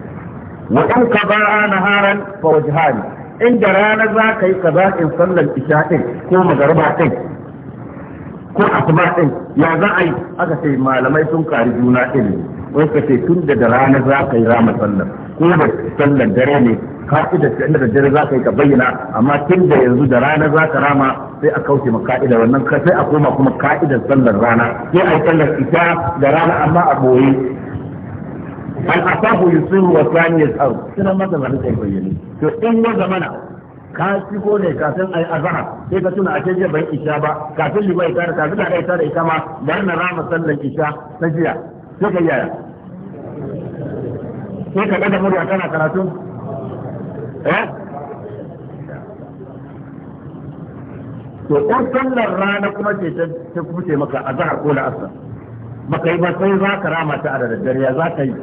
wa in ka ba'a naharan fa wajhani inda rana za ka yi in sallar isha din ko magarba ɗin, ko asuba ɗin, ya za a yi aka ce malamai sun kari juna ɗin. wai ka ce tun da da rana za ka yi rama sallar ko da sallar dare ne ka'idar da da dare za ka yi ka bayyana amma tun da yanzu da rana za ka rama sai a kauce ma ka'idar wannan sai a koma kuma ka'idar sallar rana sai a yi sallar isha da rana amma a boye al'asahu yusiru wa sani ya tsaro suna maza zaɓi kai bayyane to in ya zamana ka ko ne kafin a yi azara sai ka tuna a ce jiya bai isha ba kafin liba ya tare kafin da ya tare ita ma da na rama sallan isha ta jiya sai ka yaya sai ka ɗaga murya kana karatu eh to ko sallar rana kuma ce ta kuce maka azhar ko la'asar baka yi ba sai za ka rama ta a da daddare ya za ka yi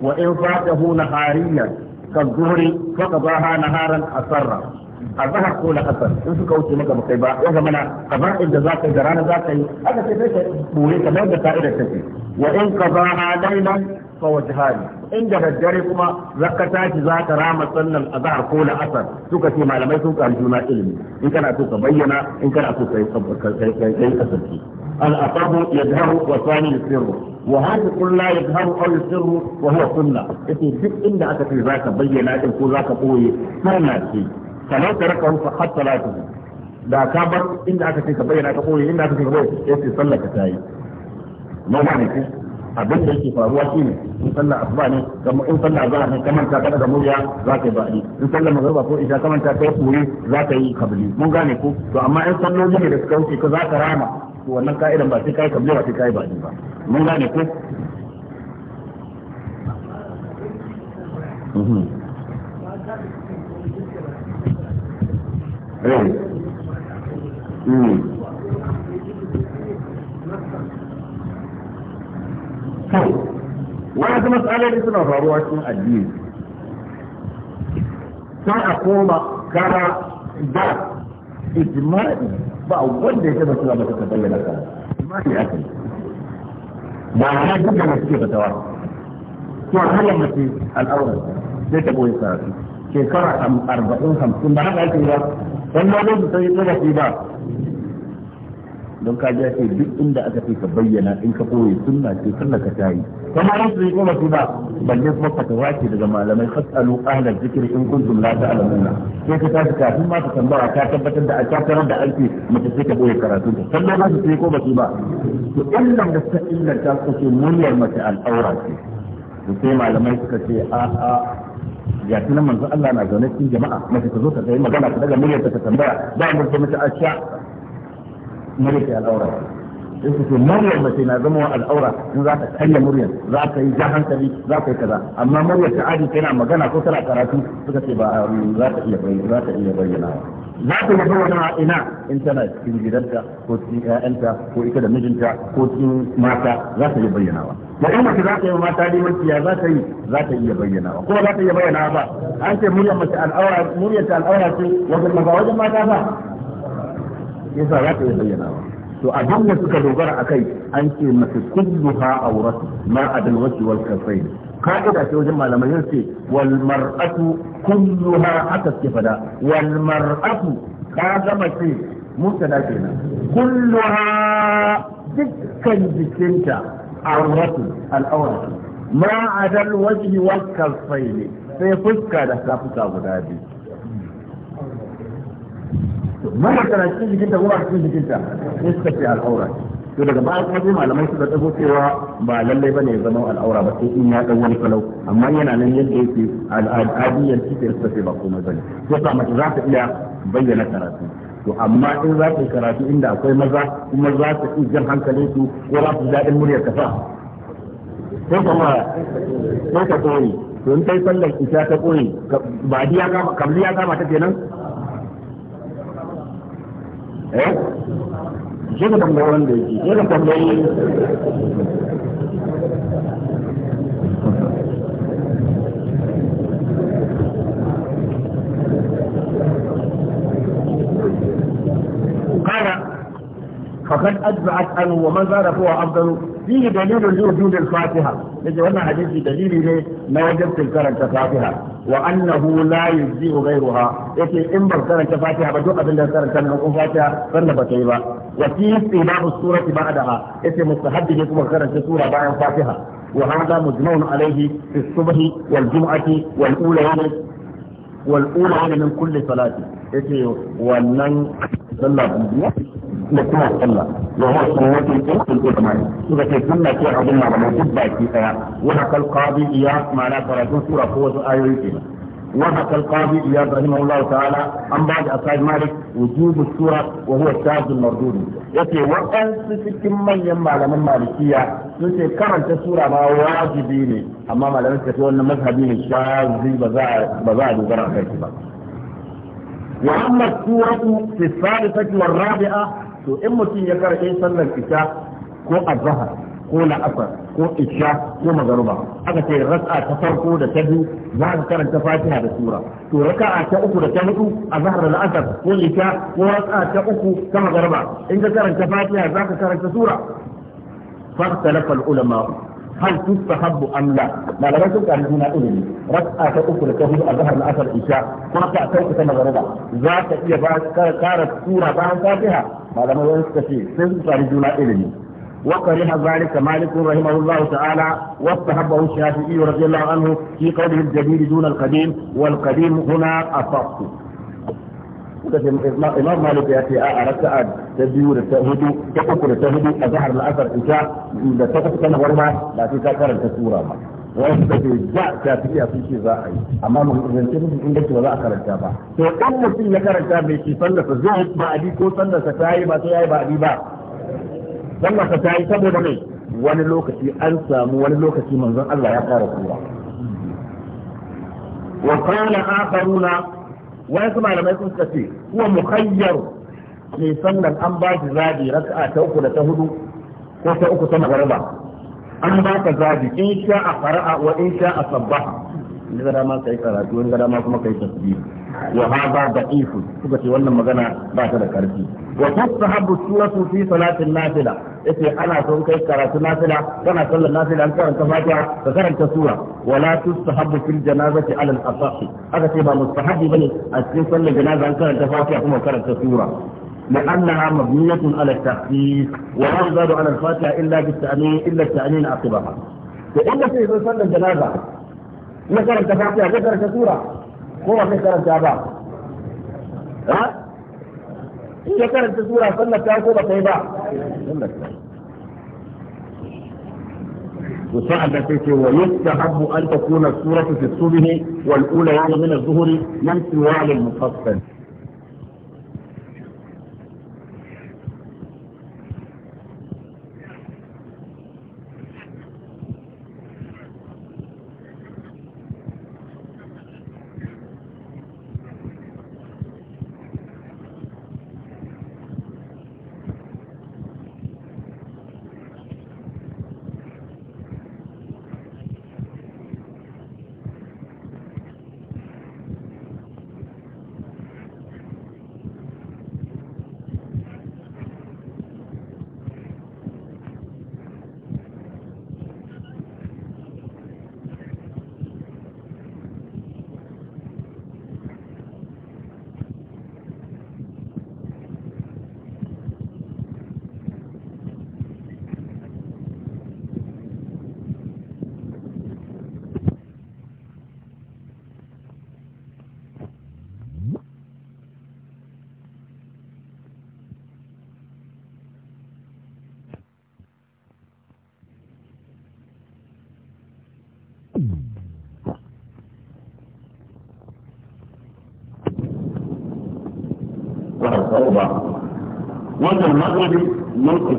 wa in fatahu nahariyan ka zuhri fa qadaha naharan asarra azhar ko la asar in suka wuce maka bakai ba ya zama na kaba'in da zaka yi da rana zaka yi aka sai sai ka bure kamar da ka'idar take wa in ka ba ha qadaha laylan fa wajhani inda daddare kuma zaka tashi za ka rama sallan azhar ko na asar suka ce malamai sun ka juna ilimi in kana so ka bayyana in kana so ka yi kai asarki al asabu yadharu wa thani sirru wa hadha qul la yadharu al sirru wa huwa sunna yace duk inda aka ce za ka bayyana din ko za ka koye sunna ce kamar ka ka tarakahu faqad salatuhu da ka bar inda aka ce ka bayyana ka koye inda aka ce ka koye yace sallar ka tayi mu ba ne abin da yake faruwa shi ne in sallar asuba ne kamar in sallar azhar ne kamar ta kada da murya za ka yi ba'di in sallar magriba ko isha kamar ta kai kuri za ka yi kabli mun gane ko to amma in salloli ne da suka wuce ko za ka rama to wannan ka'idan ba sai kai kabli ba sai kai ba'di ba mun gane ko mhm. eh. Mm-hmm. kawai wani kuma tsalari suna faruwa cikin addini sai a koma kara da ijma'i ba wanda ya taba suna mata ta bayyana ka ijma'i a yi ba na duka da suke fatawa to hanyar mace al'aurar zai tabo ya sarrafi shekara arba'in hamsin ba haka ake ba wani ma zai sai ya taba ba don ka ji ce duk inda aka ce ka bayyana in ka koyi sunna ce sunna ka tayi kamar yadda yi kuma suna balle kuma fatawa ce daga malamai fasalu ahlal zikri in kuntum la ta'lamuna sai ka tashi kafin ma ka tambaya ka tabbatar da ka tarar da aiki mace sai ka koyi karatun ta sallan ma su ko ba su ba to illan da ta illan ta kace muryar mace al'aura ce to sai malamai suka ce a a ya tunan manzo Allah na zaune cikin jama'a mace ta zo ta yi magana ta daga muryar ta tambaya ba mu ta mace a sha marike al'aura sai su ce muryar mace na zama al'aura in za ta karya murya za ka yi hankali za ka yi kaza amma muryar ta adi tana magana ko tana karatu suka ce ba za ta iya bayyana za ta iya bayyana za ta yi bayyana ina in tana cikin gidanta ko cikin ƴaƴanta ko ita da mijinta ko cikin mata za ta iya bayyanawa da in mace za ta yi mata limanci ya za ta yi za ta iya bayyanawa kuma za ta iya bayyana ba an ce murya mace al'aura muryar ta al'aura ce wajen maza wajen mata ba yasa za ta yi bayyanawa to abin da suka dogara a kai an ce mace kulluha aurat ma adal wajhi wal kafai ka'ida ce wajen malamai yace wal mar'atu kulluha haka ke fada wal mar'atu ka ga mace mubtada kenan kulluha dukkan jikinta auratu al auratu ma adal wajhi wal kafai sai fuska da kafuka guda biyu mamar tana cikin jikinta ko ba cikin jikinta sai suka ce al'aura to daga baya kuma sai malamai suka tsago cewa ba lallai bane ya zama al'aura ba sai in ya dan wani kalau amma yana nan yadda yake al'adiyyar cikin suka ce ba komai bane ko sa mace za ta iya bayyana karatu to amma in za ta karatu inda akwai maza kuma za ta iya jan hankalin su ko za su daɗin muryar kasa ko kuma ko ka koyi to in kai sallar isha ta koyi ba diya kama kamar ya kama ta kenan eh je ka wanda yake je وقد أجمعت أنه وما زال هو أفضل فيه دليل لوجود الفاتحة لذلك وانا حديث دليل ليه ما وجدت الكرنة كفاتحة وأنه لا يجزئ غيرها يكي إيه، إن كفاتحة فاتحة أبن بالله كرنة من فاتحة فلن بكيبا وفيه استهباب السورة بعدها يكي إيه، مستحب يكون كرنة كسورة بعد الفاتحة وهذا مجمع عليه في الصبح والجمعة والأولى والأولى من كل صلاة يكي إيه، ونن صلى الله لكن الله وهو سنة الفرق الإجماع إذا كنا في عظمنا ومجد باكتها وحق القاضي إياه ما لا تراجون سورة قوة آية الإجماع وحق القاضي إياه رحمه الله تعالى أن بعد أصحاب مالك وجوب السورة وهو الشاهد المردود يتي وقلت في كم يما لما المالكية نسي كمان تسورة ما واجبيني أما ما لم يستطيع أن مذهبين الشاذ بزاعد وبرع خيرتبا وأما السورة في الثالثة والرابعة to in mutum ya karɓe sallar isha ko azhar ko la'asar ko isha ko magaruba aka ce raka'a ta farko da ta biyu za ka karanta fatiha da sura to raka'a ta uku da ta hudu a zahar la'asar ko isha ko raka'a ta uku ta magaruba in ka karanta fatiha za ka karanta sura fa ikhtalafa al-ulama هل تستحب أم لا ما لا يجب أن يكون إذن ركعة أخرى تهد الظهر الأثر إشاء وركعة توقف مغربة ذات إيه كانت كارت سورة بعد فاتحة ما لا يجب أن تستحب إذن وكره ذلك مالك رحمه الله تعالى واستحبه الشافعي رضي الله عنه في قوله الجديد دون القديم والقديم هنا أصح suka ce imam malik ya ce a raka'a ta biyu da ta hudu ta uku da ta hudu a zahar la'asar isha da ta uku tana warma ba sai ka karanta sura ba wani suka ce za ta fi a suke za a yi amma mu zance mu in gaci ba za a karanta ba to in mutum ya karanta mai shi sa zai ba bi ko sallarsa ta yi ba sai ya yi ba adi ba sa ta yi saboda mai wani lokaci an samu wani lokaci manzon Allah ya fara kura wa qala akharuna wani su malamai sun suka ce kuwa muhayyar ne sannan an ba shi zabi raka'a ta uku da ta hudu ko ta uku ta magarba an ba ka zabi in sha a fara'a wa in sha a sabbaha ne ga dama kai karatu in ga dama kuma kai tasbihi وهذا ضعيف سبتي ولا مغانا بعد الكرسي وتصحب السورة في صلاة النافلة إذا أنا سوف كي كرات النافلة كان صلى النافلة أن كرنت فاتحة فكرنت سورة ولا تصحب في الجنازة على الأصح هذا تبقى مستحب بني أتي صلى الجنازة أن كرنت فاتحة ثم كرنت سورة لأنها مبنية على التخفيف ولا يزاد على الفاتحة إلا بالتأمين إلا التأمين عقبها فإن في صلى الجنازة نكرت فاتحة ذكرت سورة ko ba kai karanta ها ha كانت ya سنة sura sallar ta وسعد ويستحب أن تكون السورة في الصبح والأولى يعني من الظهر من سوال المفصل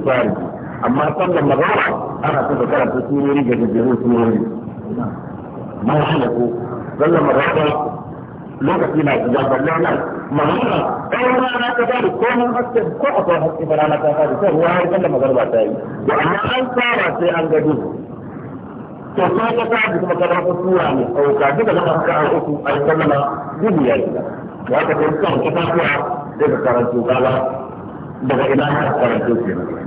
fari amma da magana ana so ka karanta surori ga jirgin surori ma hana ko da magana lokaci na shiga ballan nan magana ɗan rana ta bari ko mun haske ko a kan haske ba rana ta bari sai ruwa sannan sallar magana ta yi da amma an fara sai an gado to sai ka sa kuma ka rafa sura ne ɗauka duka da a an uku a yi gudu ya shiga ya ka tafi kan ka kuwa sai ka karanta kala, daga ina ka karanto kenan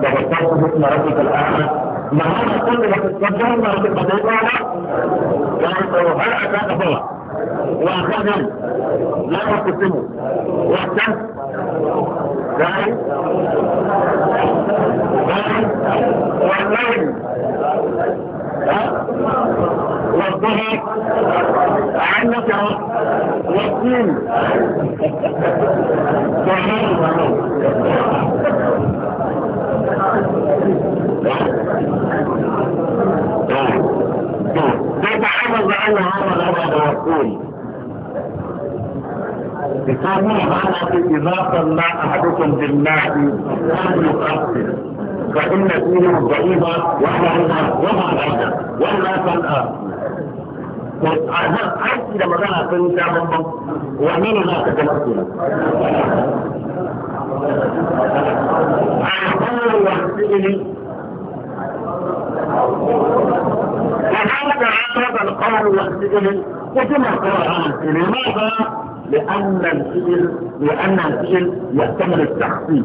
da hukumar da suna rafi kalaha na hana kundin wasu tsakiyar masu kwanon rana ya tsoro har a kan abuwa wa kan nan na wasu simu wasan gari gari wannan والظهر عن نفر والسين تتحفظ على هذا الأمر والسين بكونه غلط إذا صلى أحدكم بالماء قبل يقصر فإن فيه ضعيفة ولا وما غدا وما فلأة nan aiki da magana sun القول والسجن وكما قال عن لماذا؟ لأن الفئل لأن الفئل يحتمل التخفيف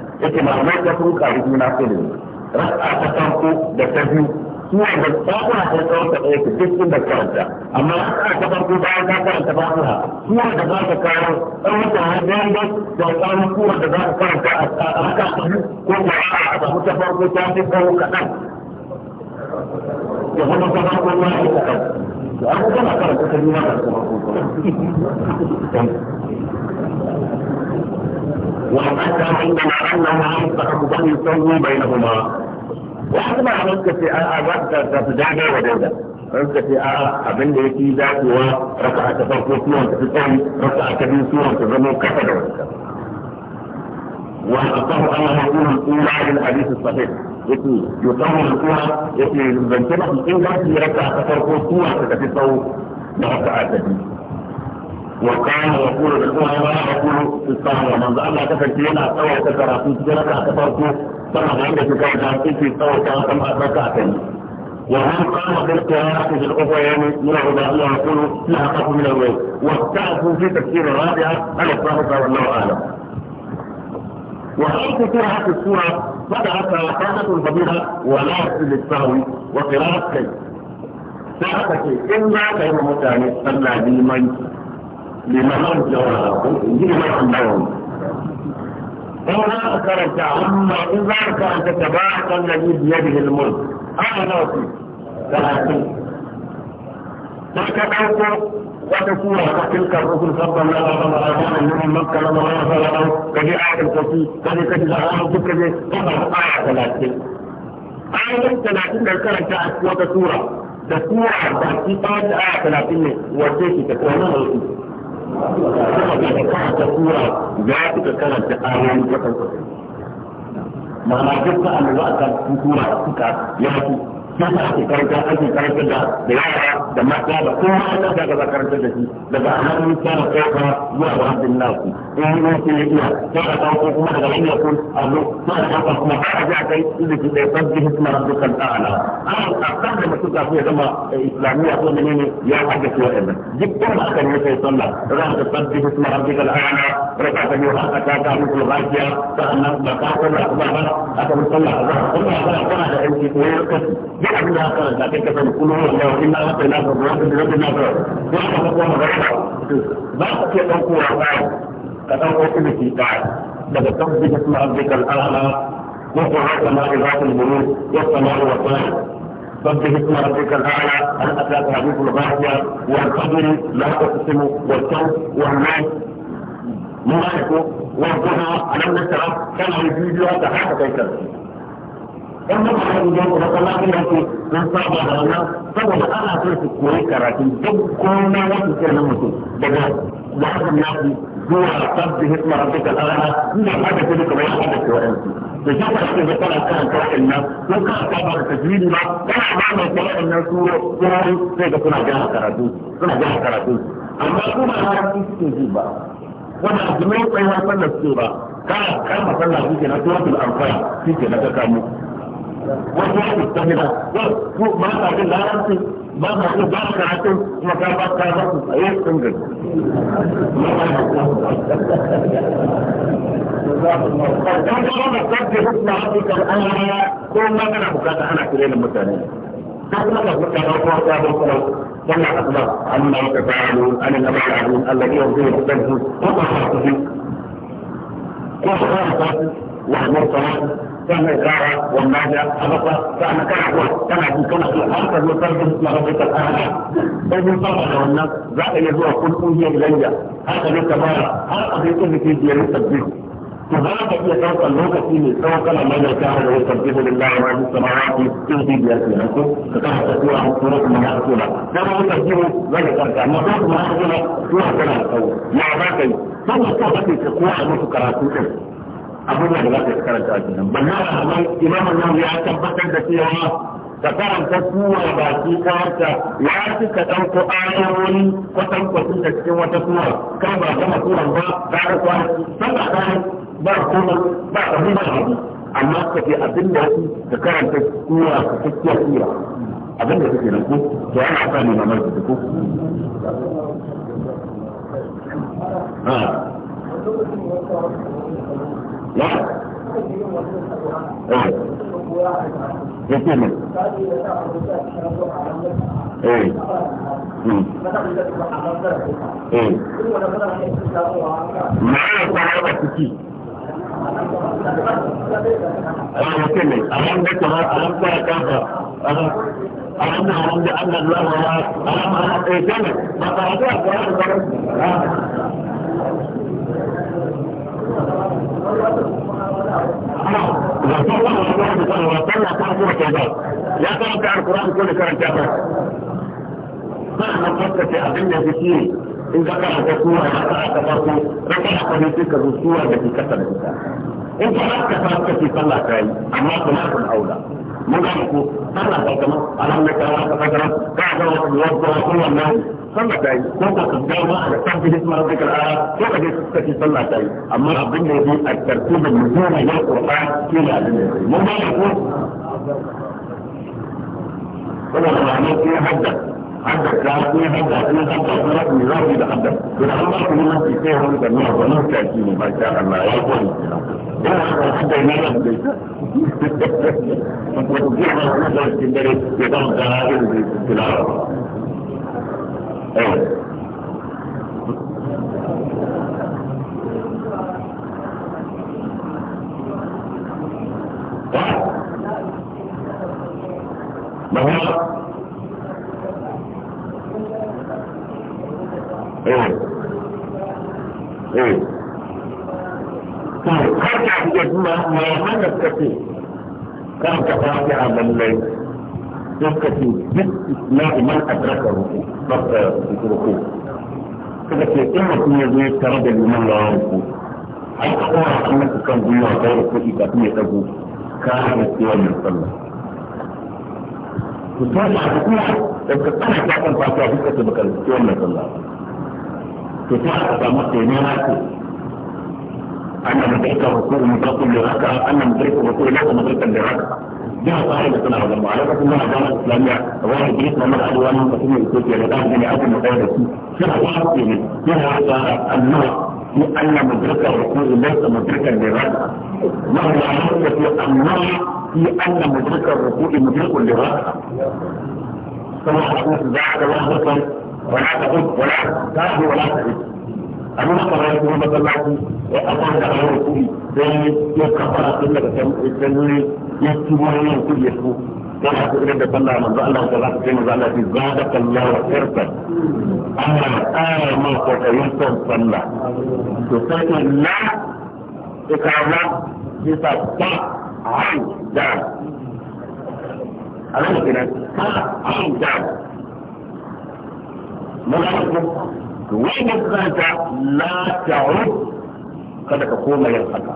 yake malamai da sun karu juna su ne rasa ta farko da ta biyu su ne da tsakuna ta tsawon ta ɗaya ta duk inda karanta amma rasa ta farko bayan ta karanta fatiha su ne da za ta kawo tsawon ta hajjan da da tsawon kuwa da za ta karanta a raka ta biyu ko ta a samu ta farko ta fi tsawo kaɗan ya zama ta farko ma ya yi kaɗan. Abubuwan a karanta ta biyu ma ta farko. وحدثها عندما عنا ما حدث كبان يصلي بينهما وحدما عرفت في آآ رد تتجاهد وجودة عرفت في آآ أبن ليكي ذات هو ركعة تفرقوا في وانت في الثاني ركعة تبين في وانت الرمو كفر وحدثه الله يقول الأولى في الحديث الصحيح يتي يطهر الكوع يتي من بنتبه الكوع في ركعة تفرقوا في وانت في الثاني ركعة تبين وكان يقول الأولى وأنا أقول في الثانية من ذا الله كفر لنا سوى كفر في سجرة كفرت صنع عندك كفر في سوى كفر أتكاتل وهم قاموا بالقراءة في الأخرى يعني من الرباعية يقول لا أخاف من الويل واختلفوا في تفسير الرابعة على الصحابة والله أعلم وحيث قراءة السورة بدأت عقادة الفضيلة ولا للسهو وقراءة كيف. ساعتك إما كان متعلق صلى من لمن جواره لمن جواره هنا أثرت عما إذا كان تتباعد الذي بيده الملك هذا نوتي ثلاثين تتباعد وتكون تلك الرسل صلى الله عليه وسلم من مكة لما رأى كذي آية الكرسي كذي كذي آية كذي آية ثلاثين آية ثلاثين ذكرت وتسورة تسورة تحقيقات آية ثلاثين وتسورة تسورة saboda karanta sura za ku ka karanta ayoyi kwatan za a karanta sura ya fi mata ake karanta ake karanta da da yara da mata da kowa aka da ka karanta da shi daga annabi Musa da kofa zuwa ga Abdul Nafi in ne ke yi ya sai ka dauko kuma daga inda kun allo sai ka dauko kuma ka ga kai inda ke da sabbi hikma rabbuka ta'ala an akar da mutum ka ya zama islamiyya ko menene ya haddace wannan duk kuma aka ne sai sallah ran da sabbi hikma rabbuka ta'ala raka ta yau haka ta ta mutu lafiya sa'annan ba ka kuma ba aka musallah ba kuma ba kana da aiki ko ya kasu abin da aka rasa kai ka san kuma wanda wani na wata na ka wanda da wata na ka ko aka ka kuma ba ka ba ka ce dan kowa ba ka dan ko kuma ki ba daga tabbi da kuma abdika al'ala wa qurra kama ibatul bulud wa samaa'u wa sa'i سبح اسم ربك الاعلى هل اتاك حديث الغاشيه والقدر لا تقسم والشمس والناس ملائكه والضحى على الشرف كما يجوز لها تحت كيكبه dan ba a yi da kuma kallon kan yake saba da wannan saboda ana so su koyi karatu duk komai wasu ke nan mutum daga da nasu zuwa sabbi hikmar rabbika al'ala inda ba da kuma kamar yadda ke wa'ansu da shi kuma suke zaka kan kawai nan ko ka saba da tajwidi ba kana ba mai kawai nan su sai sai ga suna gana karatu suna gana karatu amma kuma ba su ji ba wannan abu ne kai wannan suke ba kana kama sallah shi na suratul anfal shi na ka wani ya fi ta gida ko ba ta jin larabci ba ta jin ba ta karatun kuma ka ba ta ba su tsaye sun gari kan kuma ba ta ce hukuma a cikin an ko ma kana bukata ana kire da mutane kan kuma ka buka ba kuma ka ba kuma kana asma amma ka fa'alu an Allah ma'alun alladhi yuzilu tanhu wa ta'atuhu ko ka ba ta wa amara كان يدعى والنادى أبطى كان كعبة كان في كان في الحمد المترجم لربك الأعلى فإذن طبعا والناس ذا يزوى كل أولي إلي هذا يتبارى هذا يكون في ديالي تبديل فهذا يتوقع اللغة فيه توقع لما يتعرض ويسبح لله ما في السماوات تهدي بأسئلته فكان تسوى سورة المعصولة لما يسبح ذلك ترجع مطلوب معصولة سورة المعصولة مع ذاك ثم صحبتي تقوى أنه كراتوكا abubuwan da za ka karanta a kenan ban na alamai imamun ya tabbatar da cewa ka karanta suwa baki kawarta ya fi ka ɗauko ayoyi kwatan kwatan da cikin wata suwa kan ba gama suwan ba za ka kwanci san ba kayan ba kuma ba ba abin da suke nan ko to ana sa ne mamar su ko ha نعم ايه يتم ايه مم. ايه معايا صحابة كتير أنا مكمل ألم ترى ألم ترى كيف ألم ألم أن الله ألم ألم إيه كمل ما قرأتها قرأت ya karanta alkur'ani ko da karanta ba sannan tsaftace abin da ya fi in ka karanta sura na ka aka farko raka a kwani sai ka zo sura da ke kasa da ita in ka haka ta tsaftace sallah ka yi amma kuma kun aula mun ga ko Allah ka kama alhamdulillah Allah ka kama ka ga wani wanda ko wannan sallah ta yi ko ka ga ma a kan bi isma rabbika ala ko ka ga ka ci sallah ta yi amma abin da yake a tartibin mutum ya Qur'an shi ne abin عندك تعبني حد عشان حد عشان من ربي لحدك فالحمد لله من في سهر جميع ظنون تأتيني ما شاء الله يا أخواني يا أخواني حتى ينال أبدي وتجيح الحمد الاسكندري في ضم جنابل في العرب ايه ما هو ما halatta ce kan ka fata a lallai suka ce duk isla'i man adraka ruku fasa ruku suka ce in mutum ya zo tare da liman ya ruku ai a kowa an nasu kan gwiwa kai da kuɗi kafin ya tago ka hana ce wannan sallah ku sa da abu kuma da ka tsara ta kan fata duka ta bakar ce wannan sallah to ta aka samu taimaka أن مدرك الركوع مدرك لركعة أن مدرك الركوع ليس مدركا لركعة دي قاعدة أنا أظن على فكرة أن الجامعة الإسلامية واحد يجلس لما الأدوية من قسم الكوتية لتعرف بني يأتي المقاعدة فيها واحد يعني فيها النوع في أن مدرك الركوع ليس مدركا لركعة وهو علاقة في النوع في أن مدرك الركوع مدرك لركعة كما حدث بعد وهو ولا تقول ولا تهدي ولا تهدي abin da kamar kuma masallaci ya akwai da awon kuɗi don ya kafara tun daga sanyi ya tuba yin kuɗi ya su don a kuɗi da sallah manzo Allah ta zaka sai manzo Allah ya zada kallah wa irfan Allah ya tsara man kokarin son sallah to sai in na ikama bisa ta an da a nan kenan da mun ga to wani kanta la ta'ud kada ka koma yin haka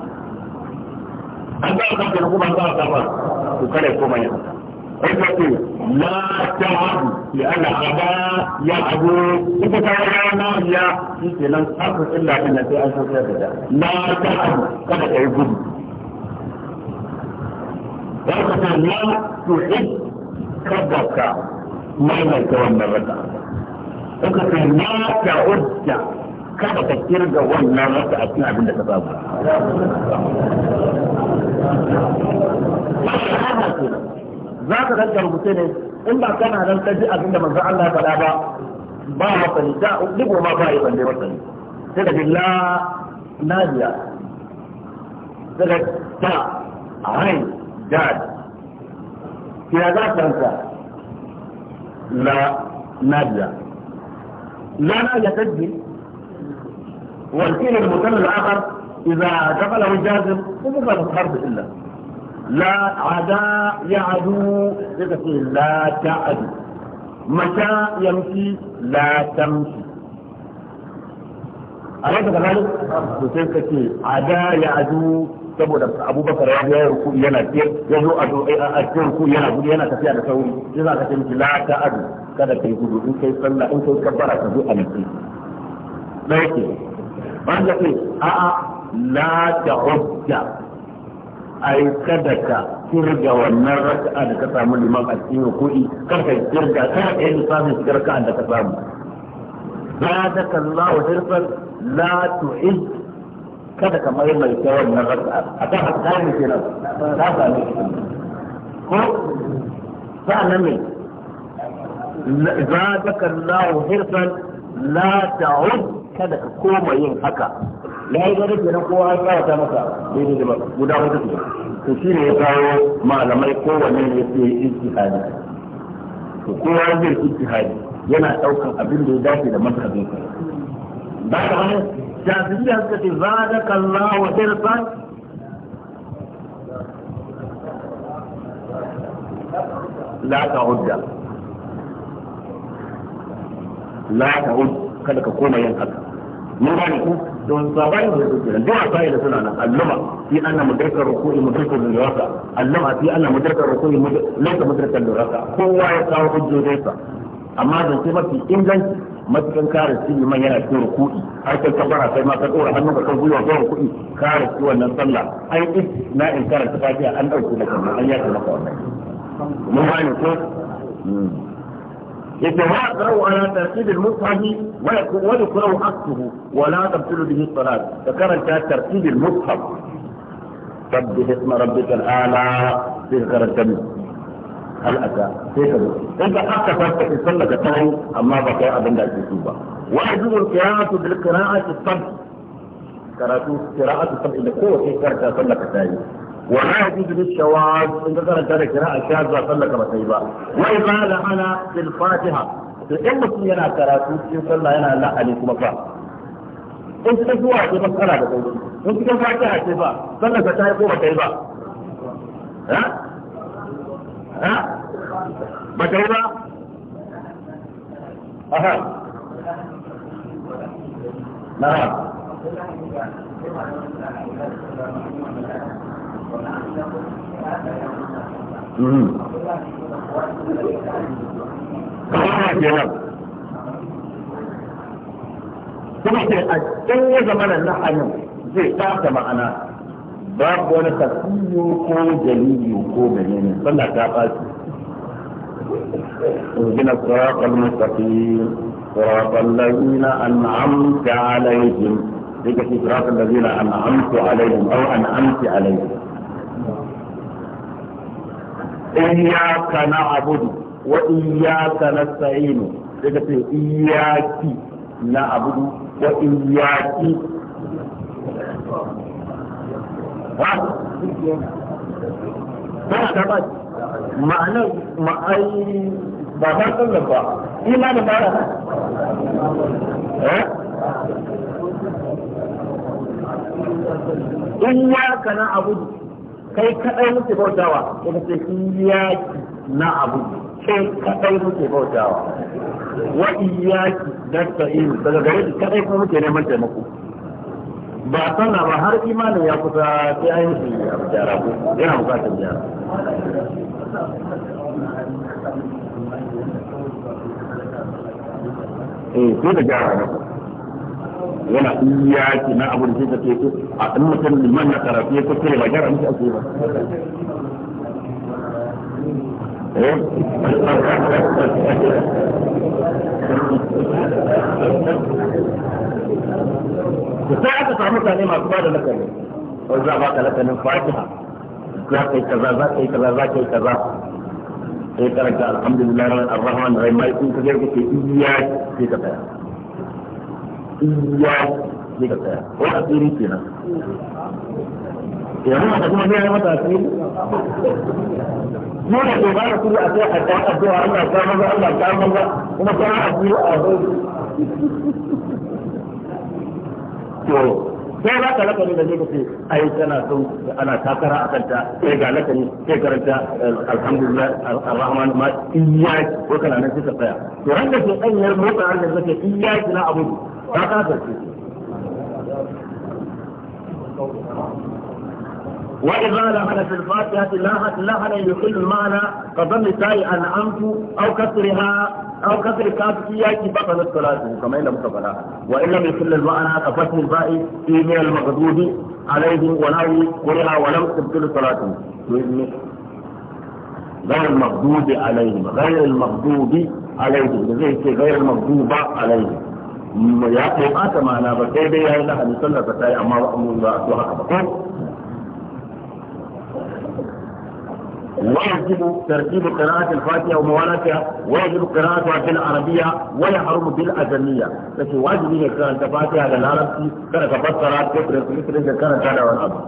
an ba ka kanta kuma ba ka ba to kada ka koma yin haka wanda ce la ta'ud li ana aba ya abu ita ta rana ya shi ke nan haka illa din sai an san da da la ta'ud kada ka yi gudu wanda ce la tu'id kada ka maimaita wannan raka'a suka ce ma ta udda kada ka kirga wannan rasa a cikin abin da ka samu za ka ranka rubuce ne in ba kana nan ka ji abin da manzo Allah ya faɗa ba ba masani da digo ma ba ya balle masani sai da billa nadiya sai da ta ain dad kira za ka ranka la nadiya لا لا يسجل والكيل المثنى الآخر إذا دخله الجازم فماذا الحرب إلا لا عدا يعدو لا تعدو مشاء يمشي لا تمشي أليس كذلك؟ وسيلك عدا يعدو saboda abubakar ya biya ruku yana ya zo a ruku yana gudu yana tafiya da sauri sai za ka ce miki adu kada ka yi gudu in kai sallah in kai kabbara ka zo a nake dai ke wanda ke a a la ta'udda ai kada ka kirga wannan raka'a da ka samu liman a cikin ruku'i kada ka kirga kada ka yi lissafin shigar ka da ka samu zadaka Allahu hirfan la tu'id kada ka mai mai tawon na raka'a akan hakani kenan ta sami ko sa'an nan ne زادك الله حرصا لا تعد kada ka koma yin haka ya yi gari kenan kowa ya tsawata masa daidai da guda wata ce to shi ne ya kawo malamai kowanne ne ya yi ijtihadi to kowa zai ijtihadi yana daukan abin da ya dace da mazhabinsa ba da wani jaziliya suka ce zadaka Allah wa irfan la ta'udda la ta'ud kada ka koma yin haka mun gane ku don sabani da su kenan duk asai da suna nan allama fi anna mudarkar ruku'i mudarkar liraka allama fi anna mudarkar ruku'i laysa mudarkar liraka kowa ya kawo hujjojinsa amma zan ce mafi inganci matukan kare shi liman yana cikin ruku'i har kai kabara sai ma ka dora hannu ka kan gwiwa zuwa ruku'i kare shi wannan sallah ai is na in karanta fatiha an dauke da kan an yaka maka wannan mun gane ku. Hmm. يتواقعوا على ترتيب المصحف ويكره حقه ولا تبطل به الصلاة فكرت ترتيب المصحف سبح اسم ربك الأعلى تذكر الجنة هل أتى كيف أنت حتى فرقة في السنة كتبه أما بقى أبن لا تسوبة ويجب القراءة بالقراءة الصبح قراءة الصبح إذا قوة في كرة سنة ولا يجوز للشواذ إن ذكرت ذلك قراءة شاذة صلى كما سيبا وإذا لعن في الفاتحة إن مسلم ينا كراتو في صلى ينا لا عليكم فا إن تكوا في مسألة يا إن تكوا فاتحة سيبا صلى فتاي سيبا ها ها بتيبا أها نعم kuma ce a can ya zama na hanyar zai kasa ma'ana babu wani tasiyo ko dalili ko menene sallah ta ɓaci اهدنا الصراط المستقيم صراط الذين انعمت عليهم لك صراط الذين انعمت عليهم او انعمت عليهم iyyaka na'budu wa iyyaka nasta'inu sai ka ce iyyaki na'budu wa iyyaki ha ba ta ba ba kana kai kadai muke bautawa ya sai shi yaki na abu kai kadai muke bautawa wa iyaki nasta'in daga gare shi kadai kuma muke neman taimako ba sana ba har imanin ya kusa sai an yi gyara ko yana bukatar gyara eh ko da gyara Yana iyaki na abu da shi ka ce a ɗan mutum liman na karatu ya kuskure ba ake eh? ba sai aka samu masu ba da lakani ko za ba ka lakanin fatiha za ka yi kaza za ka yi kaza za ka yi kaza sai karanta alhamdulillah rahman rahim mai kun ku ke iya ka tsaya iya ne tsaya ko yanzu da ke ana takara a sai ga lakani sai karanta alhamdulillah arrahman ma iyyaki ko kana nan sai ka tsaya to ranka ke motsa Allah zai iyyaki na abu وإذا لم في الفاتحة لهن يحل المعنى كضم تاي أنعمت أو كسرها أو كسر كاف في بطل الصلاة كما إن لم مكبلا وإن لم يكن المعنى كفتح الباء في من المغضوب عليه ولو قرها ولم تبطل صلاة غير المغضوب عليهم غير المغضوب عليهم غير المغضوب عليهم ya ko ata ma'ana ba sai dai yayi lahadi sallar ta tayi amma ba mu ba to haka ba ko ويجب ترتيب قراءة الفاتحة وموالاتها ويجب قراءتها بالعربية ويحرم بالأجنية لكن واجب أن كانت الفاتحة للعربي كانت فسرات كفر مثل إذا كانت هذا والأمر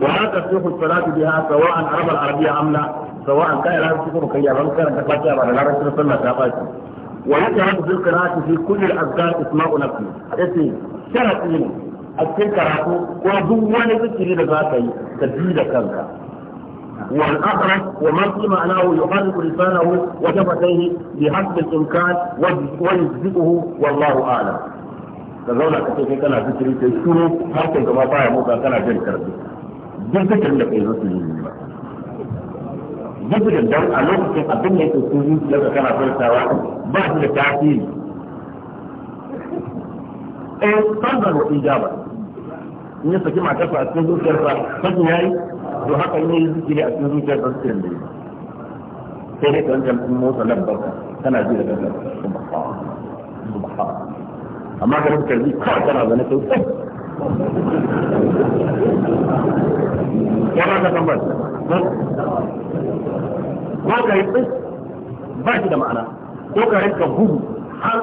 ولا تصح الصلاة بها سواء عرب العربية أم لا سواء كان العربي كفر كيابا كانت الفاتحة على العربي صلى الله عليه وسلم ويكره في القراءة في كل الأذكار اسماء نفسه اسمي شرطي a cikin karatu ko duk wani zikiri da za ka ومن في معناه يحرك لسانه وشفتيه بحسب الإمكان ويجزئه والله أعلم كذولا كتير كان ذكري تشكره حتى كما طايا موسى كان جن كربي جن كتير لك إيه da dan a lokacin abin da yake su zuciya ka kana furtawa ba shi da tasiri eh sanzar wa ijaba in ya saki matarsa a cikin zuciyarsa sakin yayi to haka in yi a cikin zuciyarsa zikirin da yi sai dai kan jan kuma motsa lambar kana ji da kanka subhanallah subhanallah amma ka rubuta kawai kana zane sai yana da tambar ko ka yi tsin ba shi da ma'ana ko ka gudu har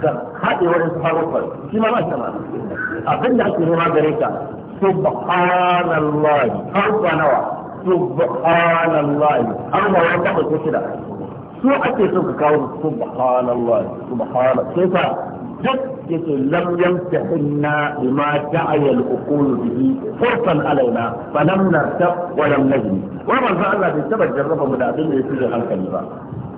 ka haɗe wajen sahabar shi ma ba shi da ma'ana abin da ake nema gare ka subhanallahi har ba nawa subhanallahi har ba wani taɓa ko shida so ake so ka kawo subhanallahi subhanallahi sai ka duk yace lam yamtahinna bima ta'ayya al-uqul bihi fursan alaina fa lam na ta lam najni wa manzo Allah bai taba jarraba mu da abin da ya yake da hankali ba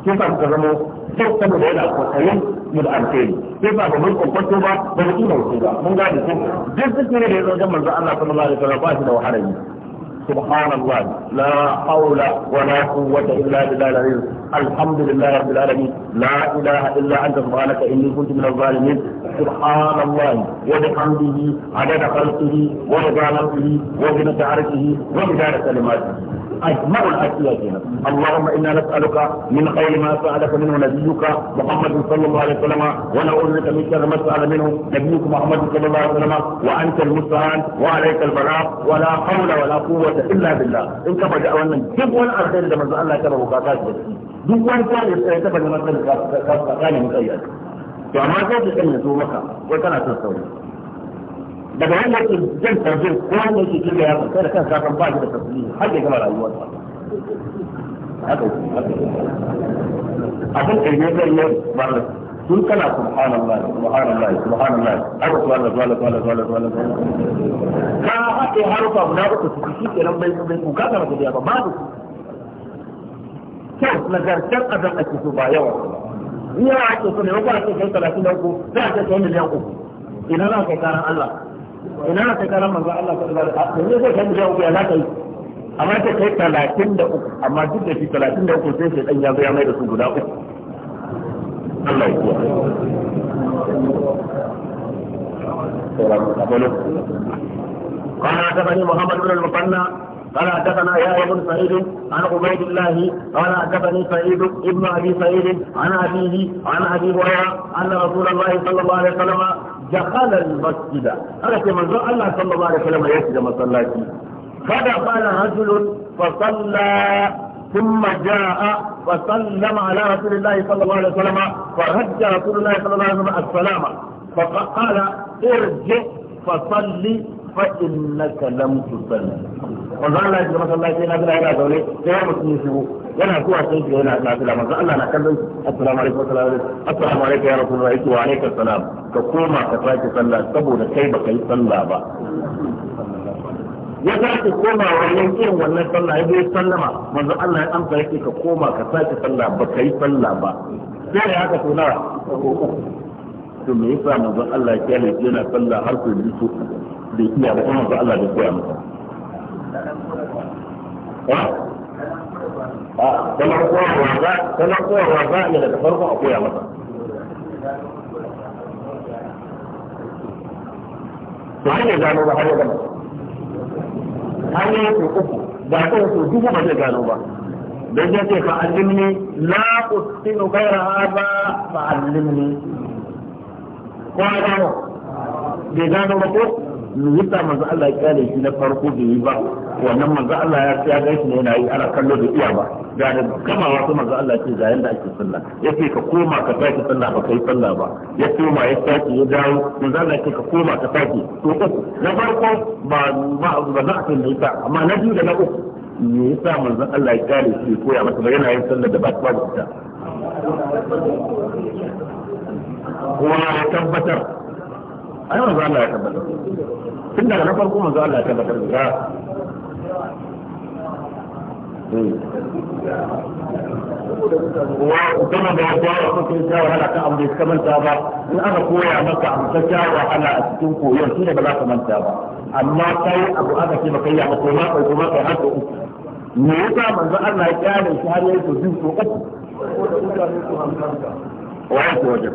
sai ba ka zama sai kuma da yana kokarin mu da alheri sai ba mun kokonto ba ba mu ina ba mun gane ko duk duk ne da ya zo ga manzo Allah sallallahu alaihi wasallam ba shi da wahalari. سبحان الله لا حول ولا قوة إلا بالله العظيم الحمد لله رب العالمين لا إله إلا أنت سبحانك إني كنت من الظالمين سبحان الله وبحمده عدد خلقه ورضا نفسه وزنة عرشه كلماته اجمع الاشياء اللهم انا نسالك من خير ما سالك منه نبيك محمد صلى الله عليه وسلم ونعوذ بك من شر ما سال منه نبيك محمد صلى الله عليه وسلم وانت المستعان وعليك البلاء ولا حول ولا قوه الا بالله ان كما جاء wannan duk wani لما da manzo Allah ya taba bukata da shi duk wani kwari da ya taba neman ka ka ka ne mutayya to amma sai ka sanya zo maka ko kana son sauri daga wanda yake jan tarjin ko wanda yake kike ya sai da kansa kan ba shi da tasiri har ya gama rayuwarsa haka haka abin da ne zai yi bar sun kana subhanallah subhanallah subhanallah haka subhanallah subhanallah subhanallah subhanallah ka haɗe harufa guda uku su shi kenan bai bai ku ka kana kudiya ba babu kyau nagartar azan ake so ba yawa ni yawa ake so ne wata ake kai talatin da uku sai a ce miliyan uku ina za ka karan Allah ina na kai manzo Allah sallallahu alaihi wasallam yanzu kai ya za yi amma ta kai talatin da uku amma duk da shi talatin da uku sai sai dan ya zo ya mai da su guda uku Allah ya kuwa قال حدثني محمد بن المثنى قال حدثنا يا ابن سعيد عن عبيد الله قال حدثني سعيد ابن ابي سعيد عن ابيه عن ابي هريره ان رسول الله صلى الله عليه وسلم دخل المسجد انا كما الله صلى الله عليه وسلم يسجد مصلاتي فدخل رجل فصلى ثم جاء فسلم على رسول الله صلى الله عليه وسلم فرد رسول الله صلى الله عليه وسلم السلام فقال ارجع فصلي fa innaka lam tusalli manzo Allah ya masallaci na bila yana zaune sai ya mutum shigo yana zuwa sai shi yana nafila manzo Allah na kallon assalamu alaikum assalamu alaikum assalamu alaikum ya rasulullahi wa alaikum salam? ka koma ka sake sallah saboda kai baka yi sallah ba ya sake koma wannan irin wannan sallah ya bai sallama manzo Allah ya amsa yake ka koma ka sake sallah baka yi sallah ba sai ya haka tona to me yasa manzo Allah ya kyale yana sallah har ko biyu bai iya ba kuma ga Allah bai koya masa a kamar koyarwa za kamar koyarwa za ne daga farko a koya masa to har ya gano ba har ya gama har ya yi uku ba ta yi duhu ba zai gano ba don ya ce fa'allimni la ustinu gaira hada fa'allimni ko ya gano bai gano ba ko yadda manzo Allah ya kyale shi na farko da yi ba wannan manzo Allah ya ya gaishe ne yana yi ana kallo da iya ba ga da kamawa sai manzo Allah ce ga yanda ake sallah yace ka koma ka sake sallah ba kai sallah ba ya koma ya sake ya dawo manzo Allah ce ka koma ka sake to na farko ba ba ba za a san da amma na biyu da na uku me yasa manzon Allah ya kare shi koya masa ba yana yin sallah da ba ta ba ta kuma ya tabbatar ai manzo Allah ya tabbatar tun daga na farko manzo Allah ya tabbatar da kuma hmm. da ya fara kuka sha wahala kan abu da suka manta ba in aka koya maka abu ka sha wahala a cikin koyon shi ne ba za ka manta ba amma kai abu aka ce maka ya maka ma ko kuma kai haka uku me yasa manzo Allah ya kyale shi har yayi to biyu ko uku wai ko wajen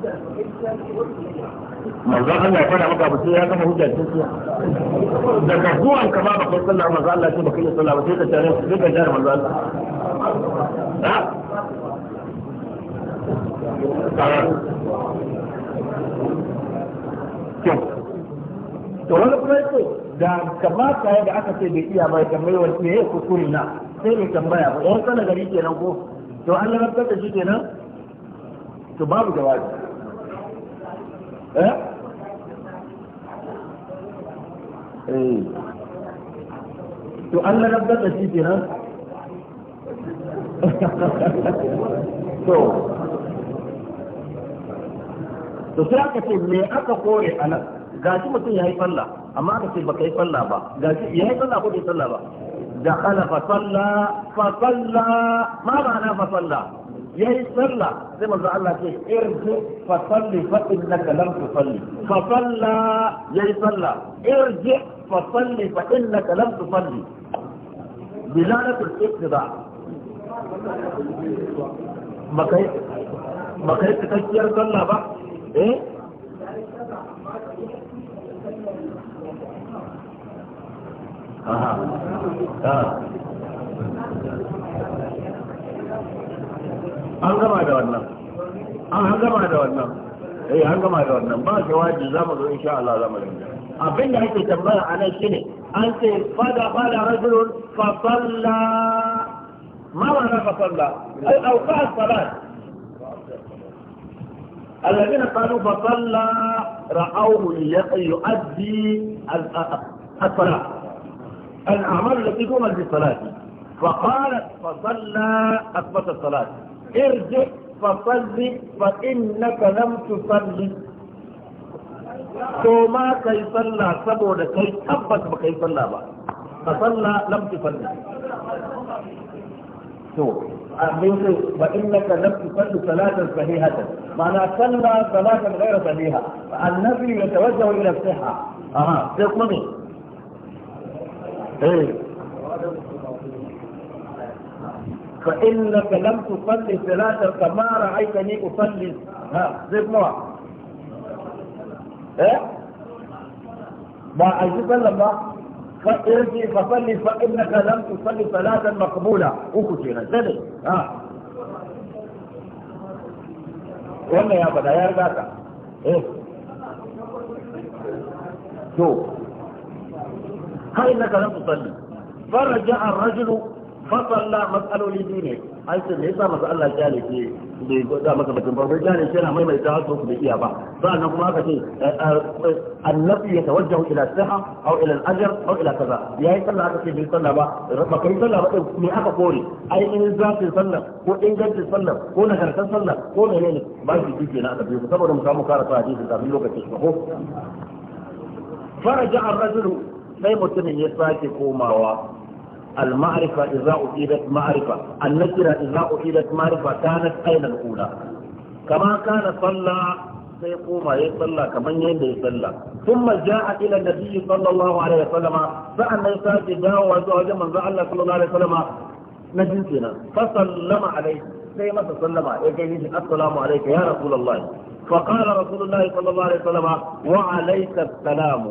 manzon Allah ya fara maka abu sai ya gama hujja ta tsiya daga zuwan ka ba baka sallah manzon Allah sai baka yi sallah ba sai ka tare sai ka tare manzon Allah to wani kuma yake da kamata yadda aka ce bai iya bai kamar wani ne ya kuskure na sai mai tambaya ba yan sana gari kenan ko to an lamar da shi kenan to babu jawabi Eh? eh to an larabtar da shi kenan to to sai aka ce me aka kore a nan gashi mutum ya yi falla amma aka ce baka yi falla ba gashi ya yi falla ko bai falla ba da kala fa sallah fa sallah ma ba na fa yayi sallah sai manzo Allah ce irji fa salli fa innaka lam tusalli fa salla yayi sallah irji fa salli fa innaka lam tusalli bilalatu al-iqtida makai makai cikakkiyar sallah ba eh Aha. Ah. an gama da wannan an gama da wannan eh an gama da wannan ba shi wajibi za mu zo insha Allah za mu rinja abinda ake tambaya a nan shine an ce fada fada rajulun fa salla ma ma'ana fa salla ai awqa salat الذين قالوا فصلى رأوه يؤدي الصلاة الأعمال التي تؤمن بالصلاة فقالت فصلى أثبت الصلاة irji fasalli fa innaka lam tusalli to ma kai sallah saboda kai tabbas ba kai sallah ba ka sallah lam tusalli to abin sai ba innaka lam tusalli salatan sahihatan ma'ana sallah salatan ghayra sahiha annabi yatawajjahu ila as-sihha aha sai kuma me eh فإنك لم تصلي صلاة كما رأيتني أصلي ها زي نوع إيه ما أجيب لما فإرجي فصلي فإنك لم تصلي صلاة مقبولة أكتنا ها wannan يا faɗa يا riga ايه eh هاي انك لم تصلي فرجع الرجل fasalla matsaloli biyu ne an ce me yasa masa Allah ya ne ke bai gwada masa batun ba bai gane yana maimaita wasu su bai iya ba sannan kuma aka ce annabi ya tawajjahu ila siha aw ila al-ajr aw ila kaza yayi sallah aka ce bai sallah ba ba kai sallah ba din me aka kore ainihin zafin sallah ko ingancin sallah ko nagartar sallah ko menene ba shi kike na aka biyo saboda mu samu karatu hadisi kafin lokacin shi ko faraja ar-rajulu sai mutumin ya sake komawa المعرفة إذا أفيدت معرفة النكرة إذا أفيدت معرفة كانت أين الأولى كما كان صلى سيقوم يصلى كمن يند يصلى ثم جاء إلى النبي صلى الله عليه وسلم فأن يساعد جاء وزوج من الله صلى الله عليه وسلم نجنسنا فسلم عليه سيما تسلم عليه السلام عليك يا رسول الله فقال رسول الله صلى الله عليه وسلم وعليك السلام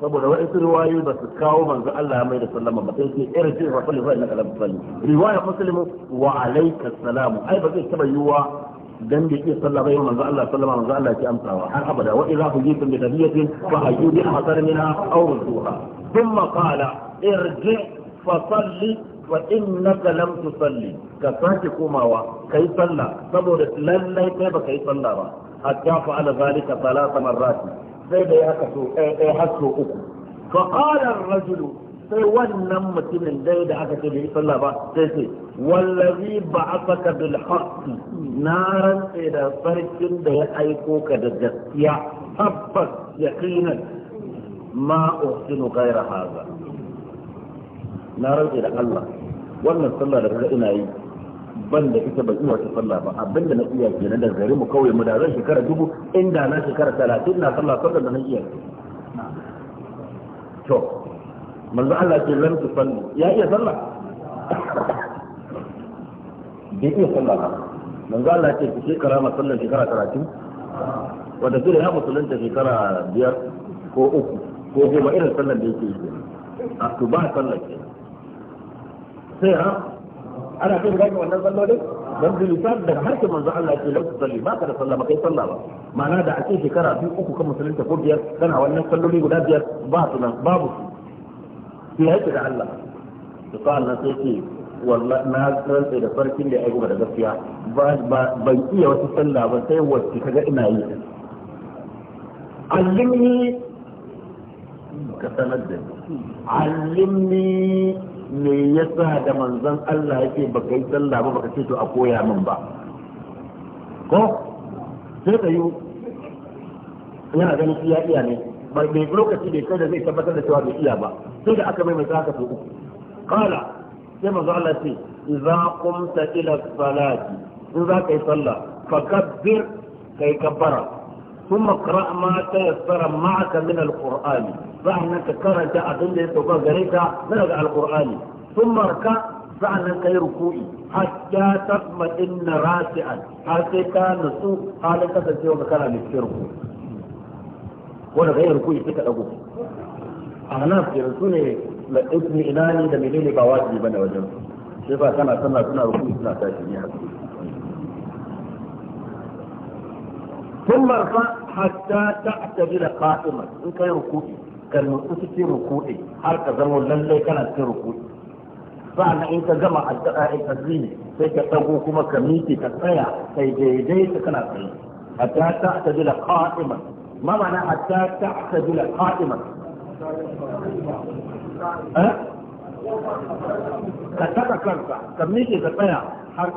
saboda su riwayoyi ba su kawo manzo Allah mai da sallama ba sai sai irin ce fa kullu fa innaka lam tusalli riwaya muslimu wa alayka salam ai ba zai taba yiwa dan da yake sallah bai manzo Allah sallama manzo Allah ke amsawa har abada wa idza hujitum bi tahiyatin fa hayyu bi ahsar minha aw rusuha thumma qala irji fa salli wa innaka lam tusalli ka sake komawa kai sallah saboda lallai kai ba kai sallah ba hatta fa'ala zalika thalath marrat سيدة يأكسوا يحسوا أكو فقال الرجل سيوان نمة من سيدة أكسوا بي صلى الله عليه وسلم والذي بعثك بالحق نارا الى فرق سيدة يأيكوك دجسيا أبس يقينا ما أحسن غير هذا نارا الى الله وانا صلى الله عليه وسلم ban da ita ba iya wata sallah ba abin da na iya ke na da gari mu kawai mu da zan shekara dubu inda na shekara talatin na sallah sallah da na iya to manzo Allah ce lam sallu ya iya sallah bai iya sallah ba manzo Allah ce ki shekara ma sallah shekara talatin wanda kira ya ta shekara biyar ko uku ko goma irin sallar da yake yi a to ba sallar ke sai ha ana so ga wannan din dan bilisan daga harshen manzo Allah ya ce lau salli ba ka da sallama kai sallah ba ma'ana da a ce shekara biyu uku kan musulunta ko biyar kana wannan salloli guda biyar ba su nan babu su sai ya da Allah to sai Allah sai ce wallahi na sai da farkin da ya aiko da gaskiya ba ban iya wata sallah ba sai wacce kaga ina yi allimni ka sanar da ni allimni me yasa da manzon Allah yake baka yi sallah ba baka ce to a koya min ba ko sai da yi yana ganin shi iya ne bai lokaci bai kai da zai tabbatar da cewa bai iya ba sai da aka mai mai haka to uku kala sai manzo Allah ce idza qumta ila salati in za ka yi sallah fakabbir kai kabbara ثم اقرأ ما تيسر معك من القرآن فأنا تكرت أدلة تبغريك من القرآن ثم اركع فأنا كيركوئي حتى تطمئن راكعا حتى نسو حالك تسير مكان للشركوئي ولا غير كوي فيك أبوه أنا في رسولي لإسم إلاني لمنيني بواجبنا وجنسي sai ba kana sallah سنة ruku سنة tashi ne haka ثم ارفع حتى تعتدل قائما إن كان ركوعي كان في ركوعي حركة زمو للي كانت في ركوعي فعلا إن كجمع الدقائق الزيني سيكتبوا كما كميتي تطيع سيديدي تكنا فيه حتى تعتدل قائما ما معنى حتى تعتدل قائما أه؟ ka taka kanka ka miƙe ka tsaya har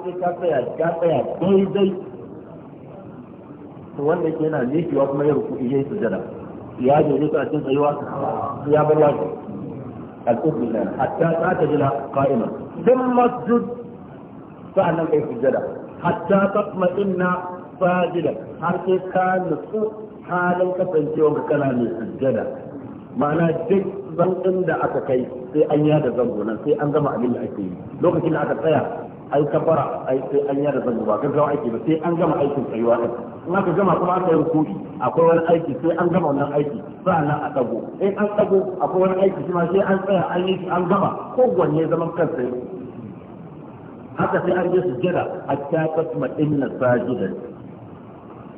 sai to wanda yake yana miƙewa kuma ya ruku ya yi sujada ya je ne a cikin tsayuwa ya bar wasu al'ubbi lana hatta ta ta jila qa'ima dun masjid sa'annan kai sujada hatta kuma inna sajida har sai ka nutsu halin kasancewa ka kana mai sujada ma'ana duk zan da aka kai sai an yada zango nan sai an gama abin da ake yi lokacin da aka tsaya ai kafara ai sai an yada zango ba gaggawa aiki ba sai an gama aikin tsayuwa din in aka gama kuma aka yi rukuri akwai wani aiki sai an gama wannan aiki sa'annan a tsago in an tsago akwai wani aiki shi ma sai an tsaya an yi an gama ko kowanne zaman kansa haka sai an je sujjada hatta tasma'inna sajidan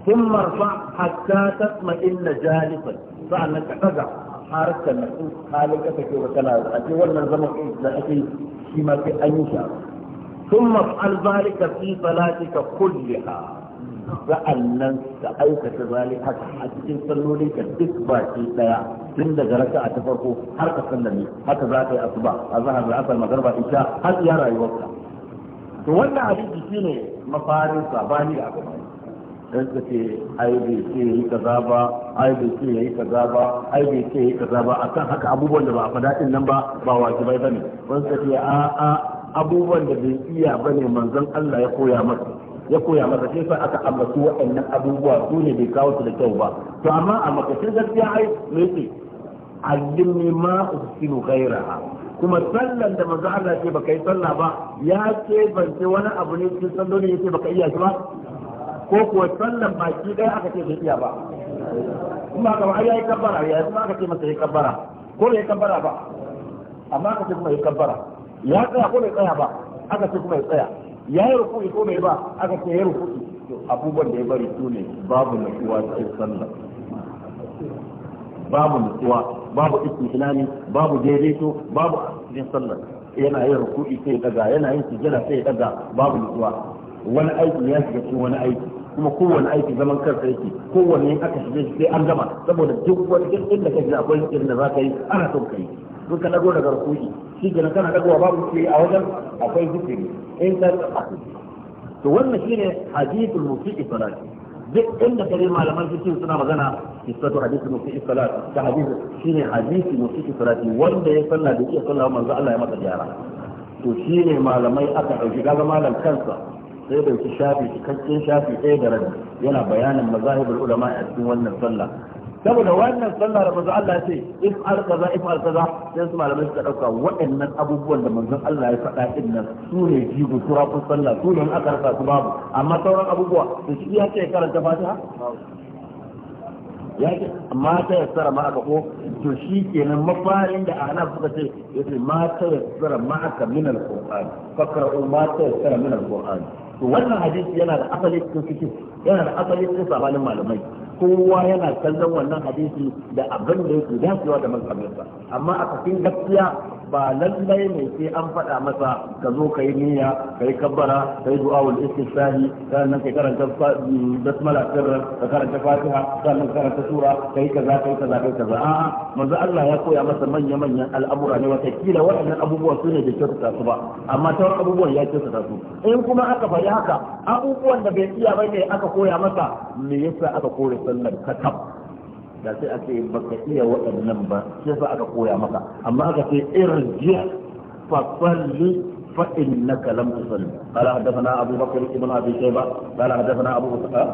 ثم ارفع حتى تطمئن جالسا فانك تضع حركه النفوس حالك تكي وكلا اكي ولا زمن da ake shi ma sai an yi ثم افعل ذلك في صلاتك كلها sa'annan ka aikata zali haka a cikin sallolin ka duk baki daya tun daga raka a ta farko har ka sallame haka za ka yi asuba a zahar da asar magarba isha har iya rayuwarka to wannan hadisi shine mafarin sabani da aka bayar ka ce ai bai ce ya yi kaza ba ai bai ce ya yi kaza ba ai bai ce ya yi kaza ba akan haka abubuwan da ba a faɗa nan ba ba wajibai bane wani ka ce a a abubuwan da bai iya bane manzon Allah ya koya masa ya koya masa sai sa aka ambaci waɗannan abubuwa su ne bai kawo su da kyau ba to amma a makashin gaskiya ai me yake allimni ma usilu ghaira kuma sallan da manzon Allah ce baka yi sallah ba ya ce ban ce wani abu ne cikin salloli yake baka iya shi ba ko kuwa sallan baki dai aka ce bai iya ba kuma ka ba ai kabbara ya kuma aka ce masa ya kabbara ko ya kabbara ba amma aka ce kuma ya kabbara ya tsaya ko bai tsaya ba aka ce kuma ya tsaya ya yi rufu ko bai ba aka ce ya yi rufu to abubuwan da ya bari su ne babu nutsuwa cikin sallah babu nutsuwa babu tunani babu daidaito babu cikin sallah yana yin ruku'i sai ya daga yana yin sujjada sai ya daga babu nutsuwa wani aiki ya shiga cikin wani aiki kuma kowane aiki zaman kansa yake kowane aka shige sai an gama saboda duk wani da ka kake akwai irin da za ka yi ana son ka yi sun ka dago daga shi ke kana dagowa babu ce a wajen akwai zikiri in ka to wannan ne hadithul musiqi salat duk inda kare malaman zikiri suna magana kisatu hadithul musiqi salat da hadith wanda ya sanna da ya sanna manzo Allah ya masa gyara to shine malamai aka ɗauki kaga malam kansa sai da shafi cikakken shafi ɗaya da rabi yana bayanin mazahibul ulama a cikin wannan sallah saboda wannan sallah da manzo Allah ya ce if al kaza if al kaza sai su malamai suka dauka waɗannan abubuwan da manzon Allah ya faɗa din nan su ne jigo turafin sallah su ne aka rasa su babu amma sauran abubuwa su shi ya ce karanta fatiha ya ce amma ta yassara ma aka ko to shi kenan mafarin da ahnaf suka ce yace ma ta yassara ma aka min al-qur'an fakra'u ma ta yassara min al-qur'an to wannan hadisi yana da asali cikin cikin yana da asali cikin sabanin malamai kowa yana kallon wannan hadisi da abin da yake dacewa da mazhabinsa amma a cikin gaskiya ba lallai ne sai an faɗa masa ka zo ka yi niyya ka yi kabbara ka yi du'awul istisnahi sannan ka karanta basmala sirra ka karanta fatiha sannan ka karanta sura ka yi kaza ka yi kaza ka yi kaza a manzo Allah ya koya masa manya manyan al'amura ne wata kila waɗannan abubuwan su ne da kyautata su ba amma ta abubuwan ya ta su in kuma aka fari haka abubuwan da bai iya bane aka koya masa me yasa aka kore sa sallar katab da sai a ce baka iya waɗannan ba sai fa aka koya maka amma aka ce irji fa salli fa innaka lam tusalli qala hadathana abu bakr ibn abi shayba qala hadathana abu bakr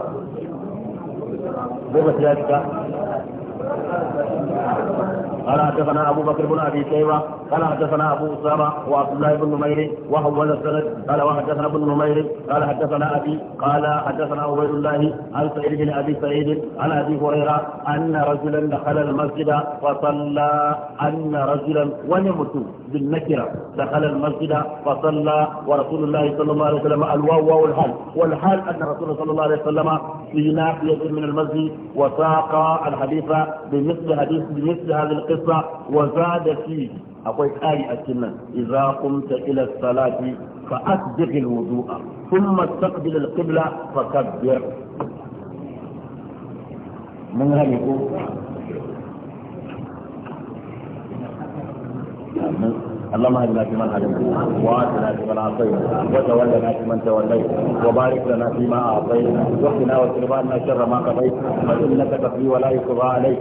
قال حدثنا ابو بكر بن ابي شيبه قال حدثنا ابو اسامه وعبد الله بن نمير وهو السند قال وحدثنا ابن نمير قال حدثنا ابي قال حدثنا عبيد الله عن سعيد بن ابي سعيد عن ابي هريره ان رجلا دخل المسجد فصلى ان رجلا ونمتوا بالنكرة دخل المسجد فصلى ورسول الله صلى الله عليه وسلم الواو واو الحال والحال أن رسول صلى الله عليه وسلم في ناحية من المسجد وساق الحديث بمثل حديث بمثل هذه القصة وزاد فيه أقول آي السنه إذا قمت إلى الصلاة فأسبغ الوضوء ثم استقبل القبلة فكبر من هذه يقول 咱们。اللهم اهدنا فيمن هديت وآتنا فيمن عصيت وتولنا فيمن توليت وبارك لنا فيما أعطيت واقنا واصرف شر ما قضيت فإنك تقضي ولا يقضى عليك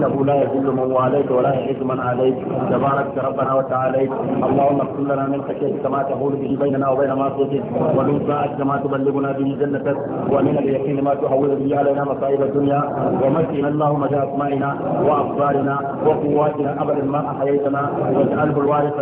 إنه لا يذل من واليت ولا يعز من عليك تبارك ربنا وتعاليت اللهم اغفر لنا من خشيتك كما تحول به بيننا وبين معصيتك ومن طاعتك ما تبلغنا به جنتك ومن اليقين ما تحول به علينا مصائب الدنيا ومسئنا اللهم بأسمائنا وأبصارنا وقواتنا أبدا ما أحييتنا واجعله الوارث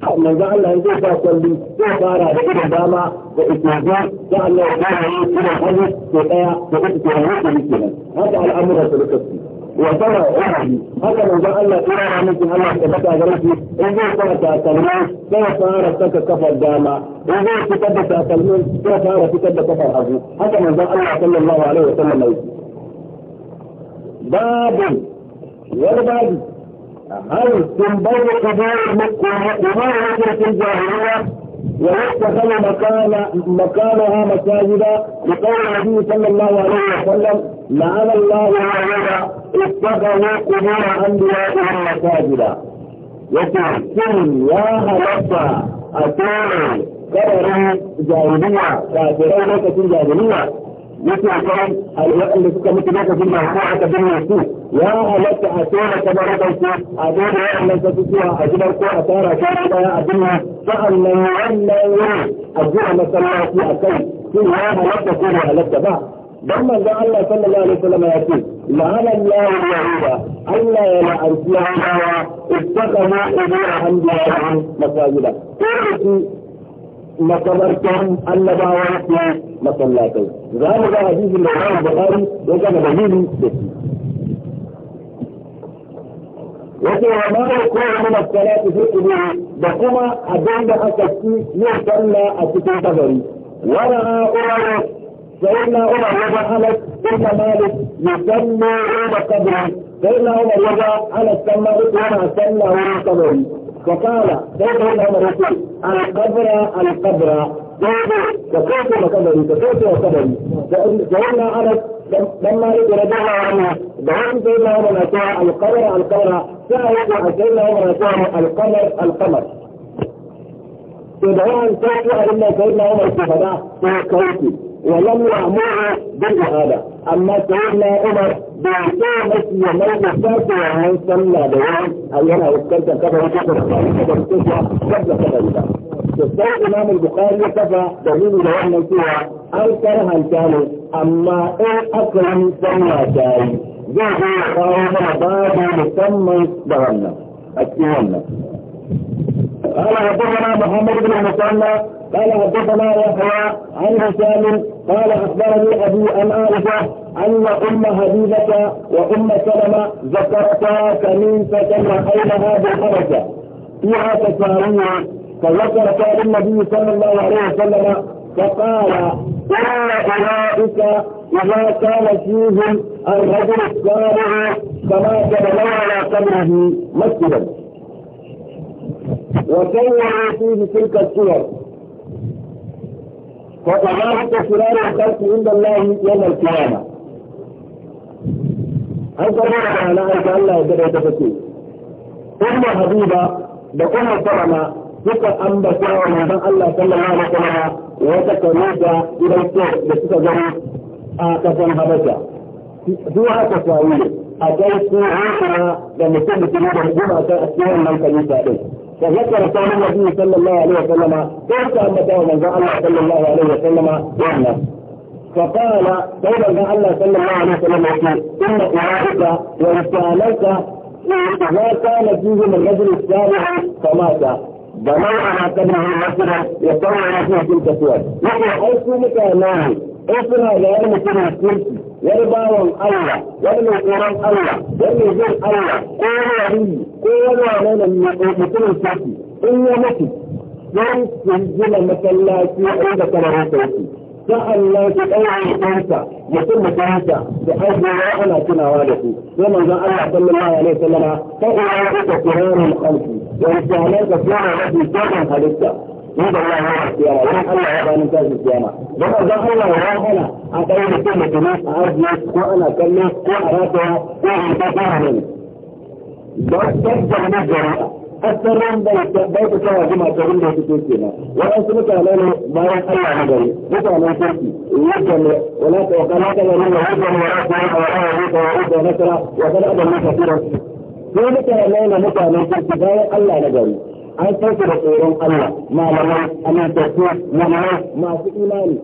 manzo Allah zai ba kwalli zai fara da ita dama da ita zuwa da Allah ya fara yi kuma hannu ko daya da ita ke hannu da yake nan haka al'amuran su duka su wa tara wahi haka manzo Allah ya fara miki Allah ya bata gare shi in zai fara takalma sai fara saka kafar dama in zai fitar da takalmin sai fara fitar da kafar hagu haka manzo Allah sallallahu alaihi wa sallam ya yi babu wani babu هل من بين قبائل مكة في الجاهلية ويتخذ مكان مكانها مساجدا لقول النبي صلى الله عليه وسلم لعن الله الذين اتخذوا قبور انبيائهم مساجدا يقول يا هلسة أتوني قبر جاهلية كافرين مكه في جاهلية مثل كان المتبقى في بين بالمنصوص يا لك أسيرة كما الكوف أدور يا أهلا تتسوها أجل الكوة أتارا كارتا يا أدنها فأن يولى ما أجل مثلا في أكل في يا هلك تكون هلك بقى لما جاء الله صلى الله عليه وسلم يقول لعن الله اليهود الا يلعن فيها اتخذوا امور انبيائهم مساجدا مقبر کم اللہ باوان کی مسئلہ کی غالبہ حدیث اللہ بخاری دیکھا کہ بہیلی دیکھی وکی امانو کو امان اصلاح کی حق دیو بخوما ادن بہا سکتی یہ سلنا اتکی تظری ورہا امانو سیدنا امان وضا حلت سیدنا مالک یسلنا امان قبر سیدنا امان وضا حلت سمعت وما سلنا امان قبر وقال بيته لهم الرسول القبر القبر وكيف وقبري وكيف وقبري وقلنا أنس لما رجع رضي الله دعوت سيدنا عمر القبر القبر سألت سيدنا عمر القمر القمر تدعوهم تقوى إلا سيدنا عمر الشهداء فكيفي ولم يأمره هذا أما سيدنا عمر بإقامة يومين الشرط وعن صلى دوام أيها أذكرت كفى وكفى كفى كفى قبل كفى فالسيد إمام البخاري كفى دليل دوام نسوها أنكرها الكامل أما إن أكرم صلى جاي زي هو قوم باب مسمى دوامنا أكيد قال حدثنا محمد بن مسلم قال حدثنا يحيى عن هشام قال اخبرني ابي ان عائشه ان ام حبيبه وام سلمه ذكرتا كنيسه رأينها بالحبشه فيها تساريع فذكرتا للنبي صلى الله عليه وسلم فقال ان اولئك إذا كان فيهم الرجل الصالح فما كان على قبره مسجدا وصوروا فيه تلك السور فتعرفت فلان عقلت عند الله يوم القيامه هل تعرف على ان الله يدعي تفكير ثم حبيبه بكل طعمه فك ان بكاوما من الله صلى الله عليه وسلم وتكلمت الى الصور بسيطه جدا اعتقد هذا هو هذا أجل اجلس معاك لما تكون في هذا الجمعه تاتي من كنيسه فذكر قول النبي صلى الله عليه وسلم كيف أمته من الله صلى الله عليه وسلم يعلم فقال كيف أن الله صلى الله عليه وسلم يقول إن أولئك وإسلامك ما كان فيه من رجل السابع فمات بمن أنا كبره مثلا يطلع فيه تلك الكسوات نحن حيث مكانه اسمع غير كل الكرسي ورباوة الله الله قرآن الله ورمي الله قول نبي ko yana nan mutumin sati in ya mutu don su gina masallaci a inda kamarin sauki sa'an nan su ɗaure kansa mutum mutunta da ajiyewa ana tunawa da su sai manzon Allah sallallahu alaihi wasallama ta ina ka kirarin alfi wani sanar ka sura mafi sauran halitta inda Allah ya rasu yana wurin Allah ya bani tashi kiyama don a zan Allah ya hana a ɗaya mutum mutum a ajiye ko ana kallo ko a rataya ko a yi ta fara ne don zama jama'a fassarar da bai ta kawo jima ta rinda su ke kenan waɗansu mutane ne bayan Allah na gari mutanen kirki yadda ne wala ta wakana ta gari wa yadda ne wala ta yi a wala ne ta wa yadda nasara wa kada adam ne ta tura sai mutane ne mutanen kirki bayan Allah na gari an san su da tsoron Allah malamai amintattu malamai masu imani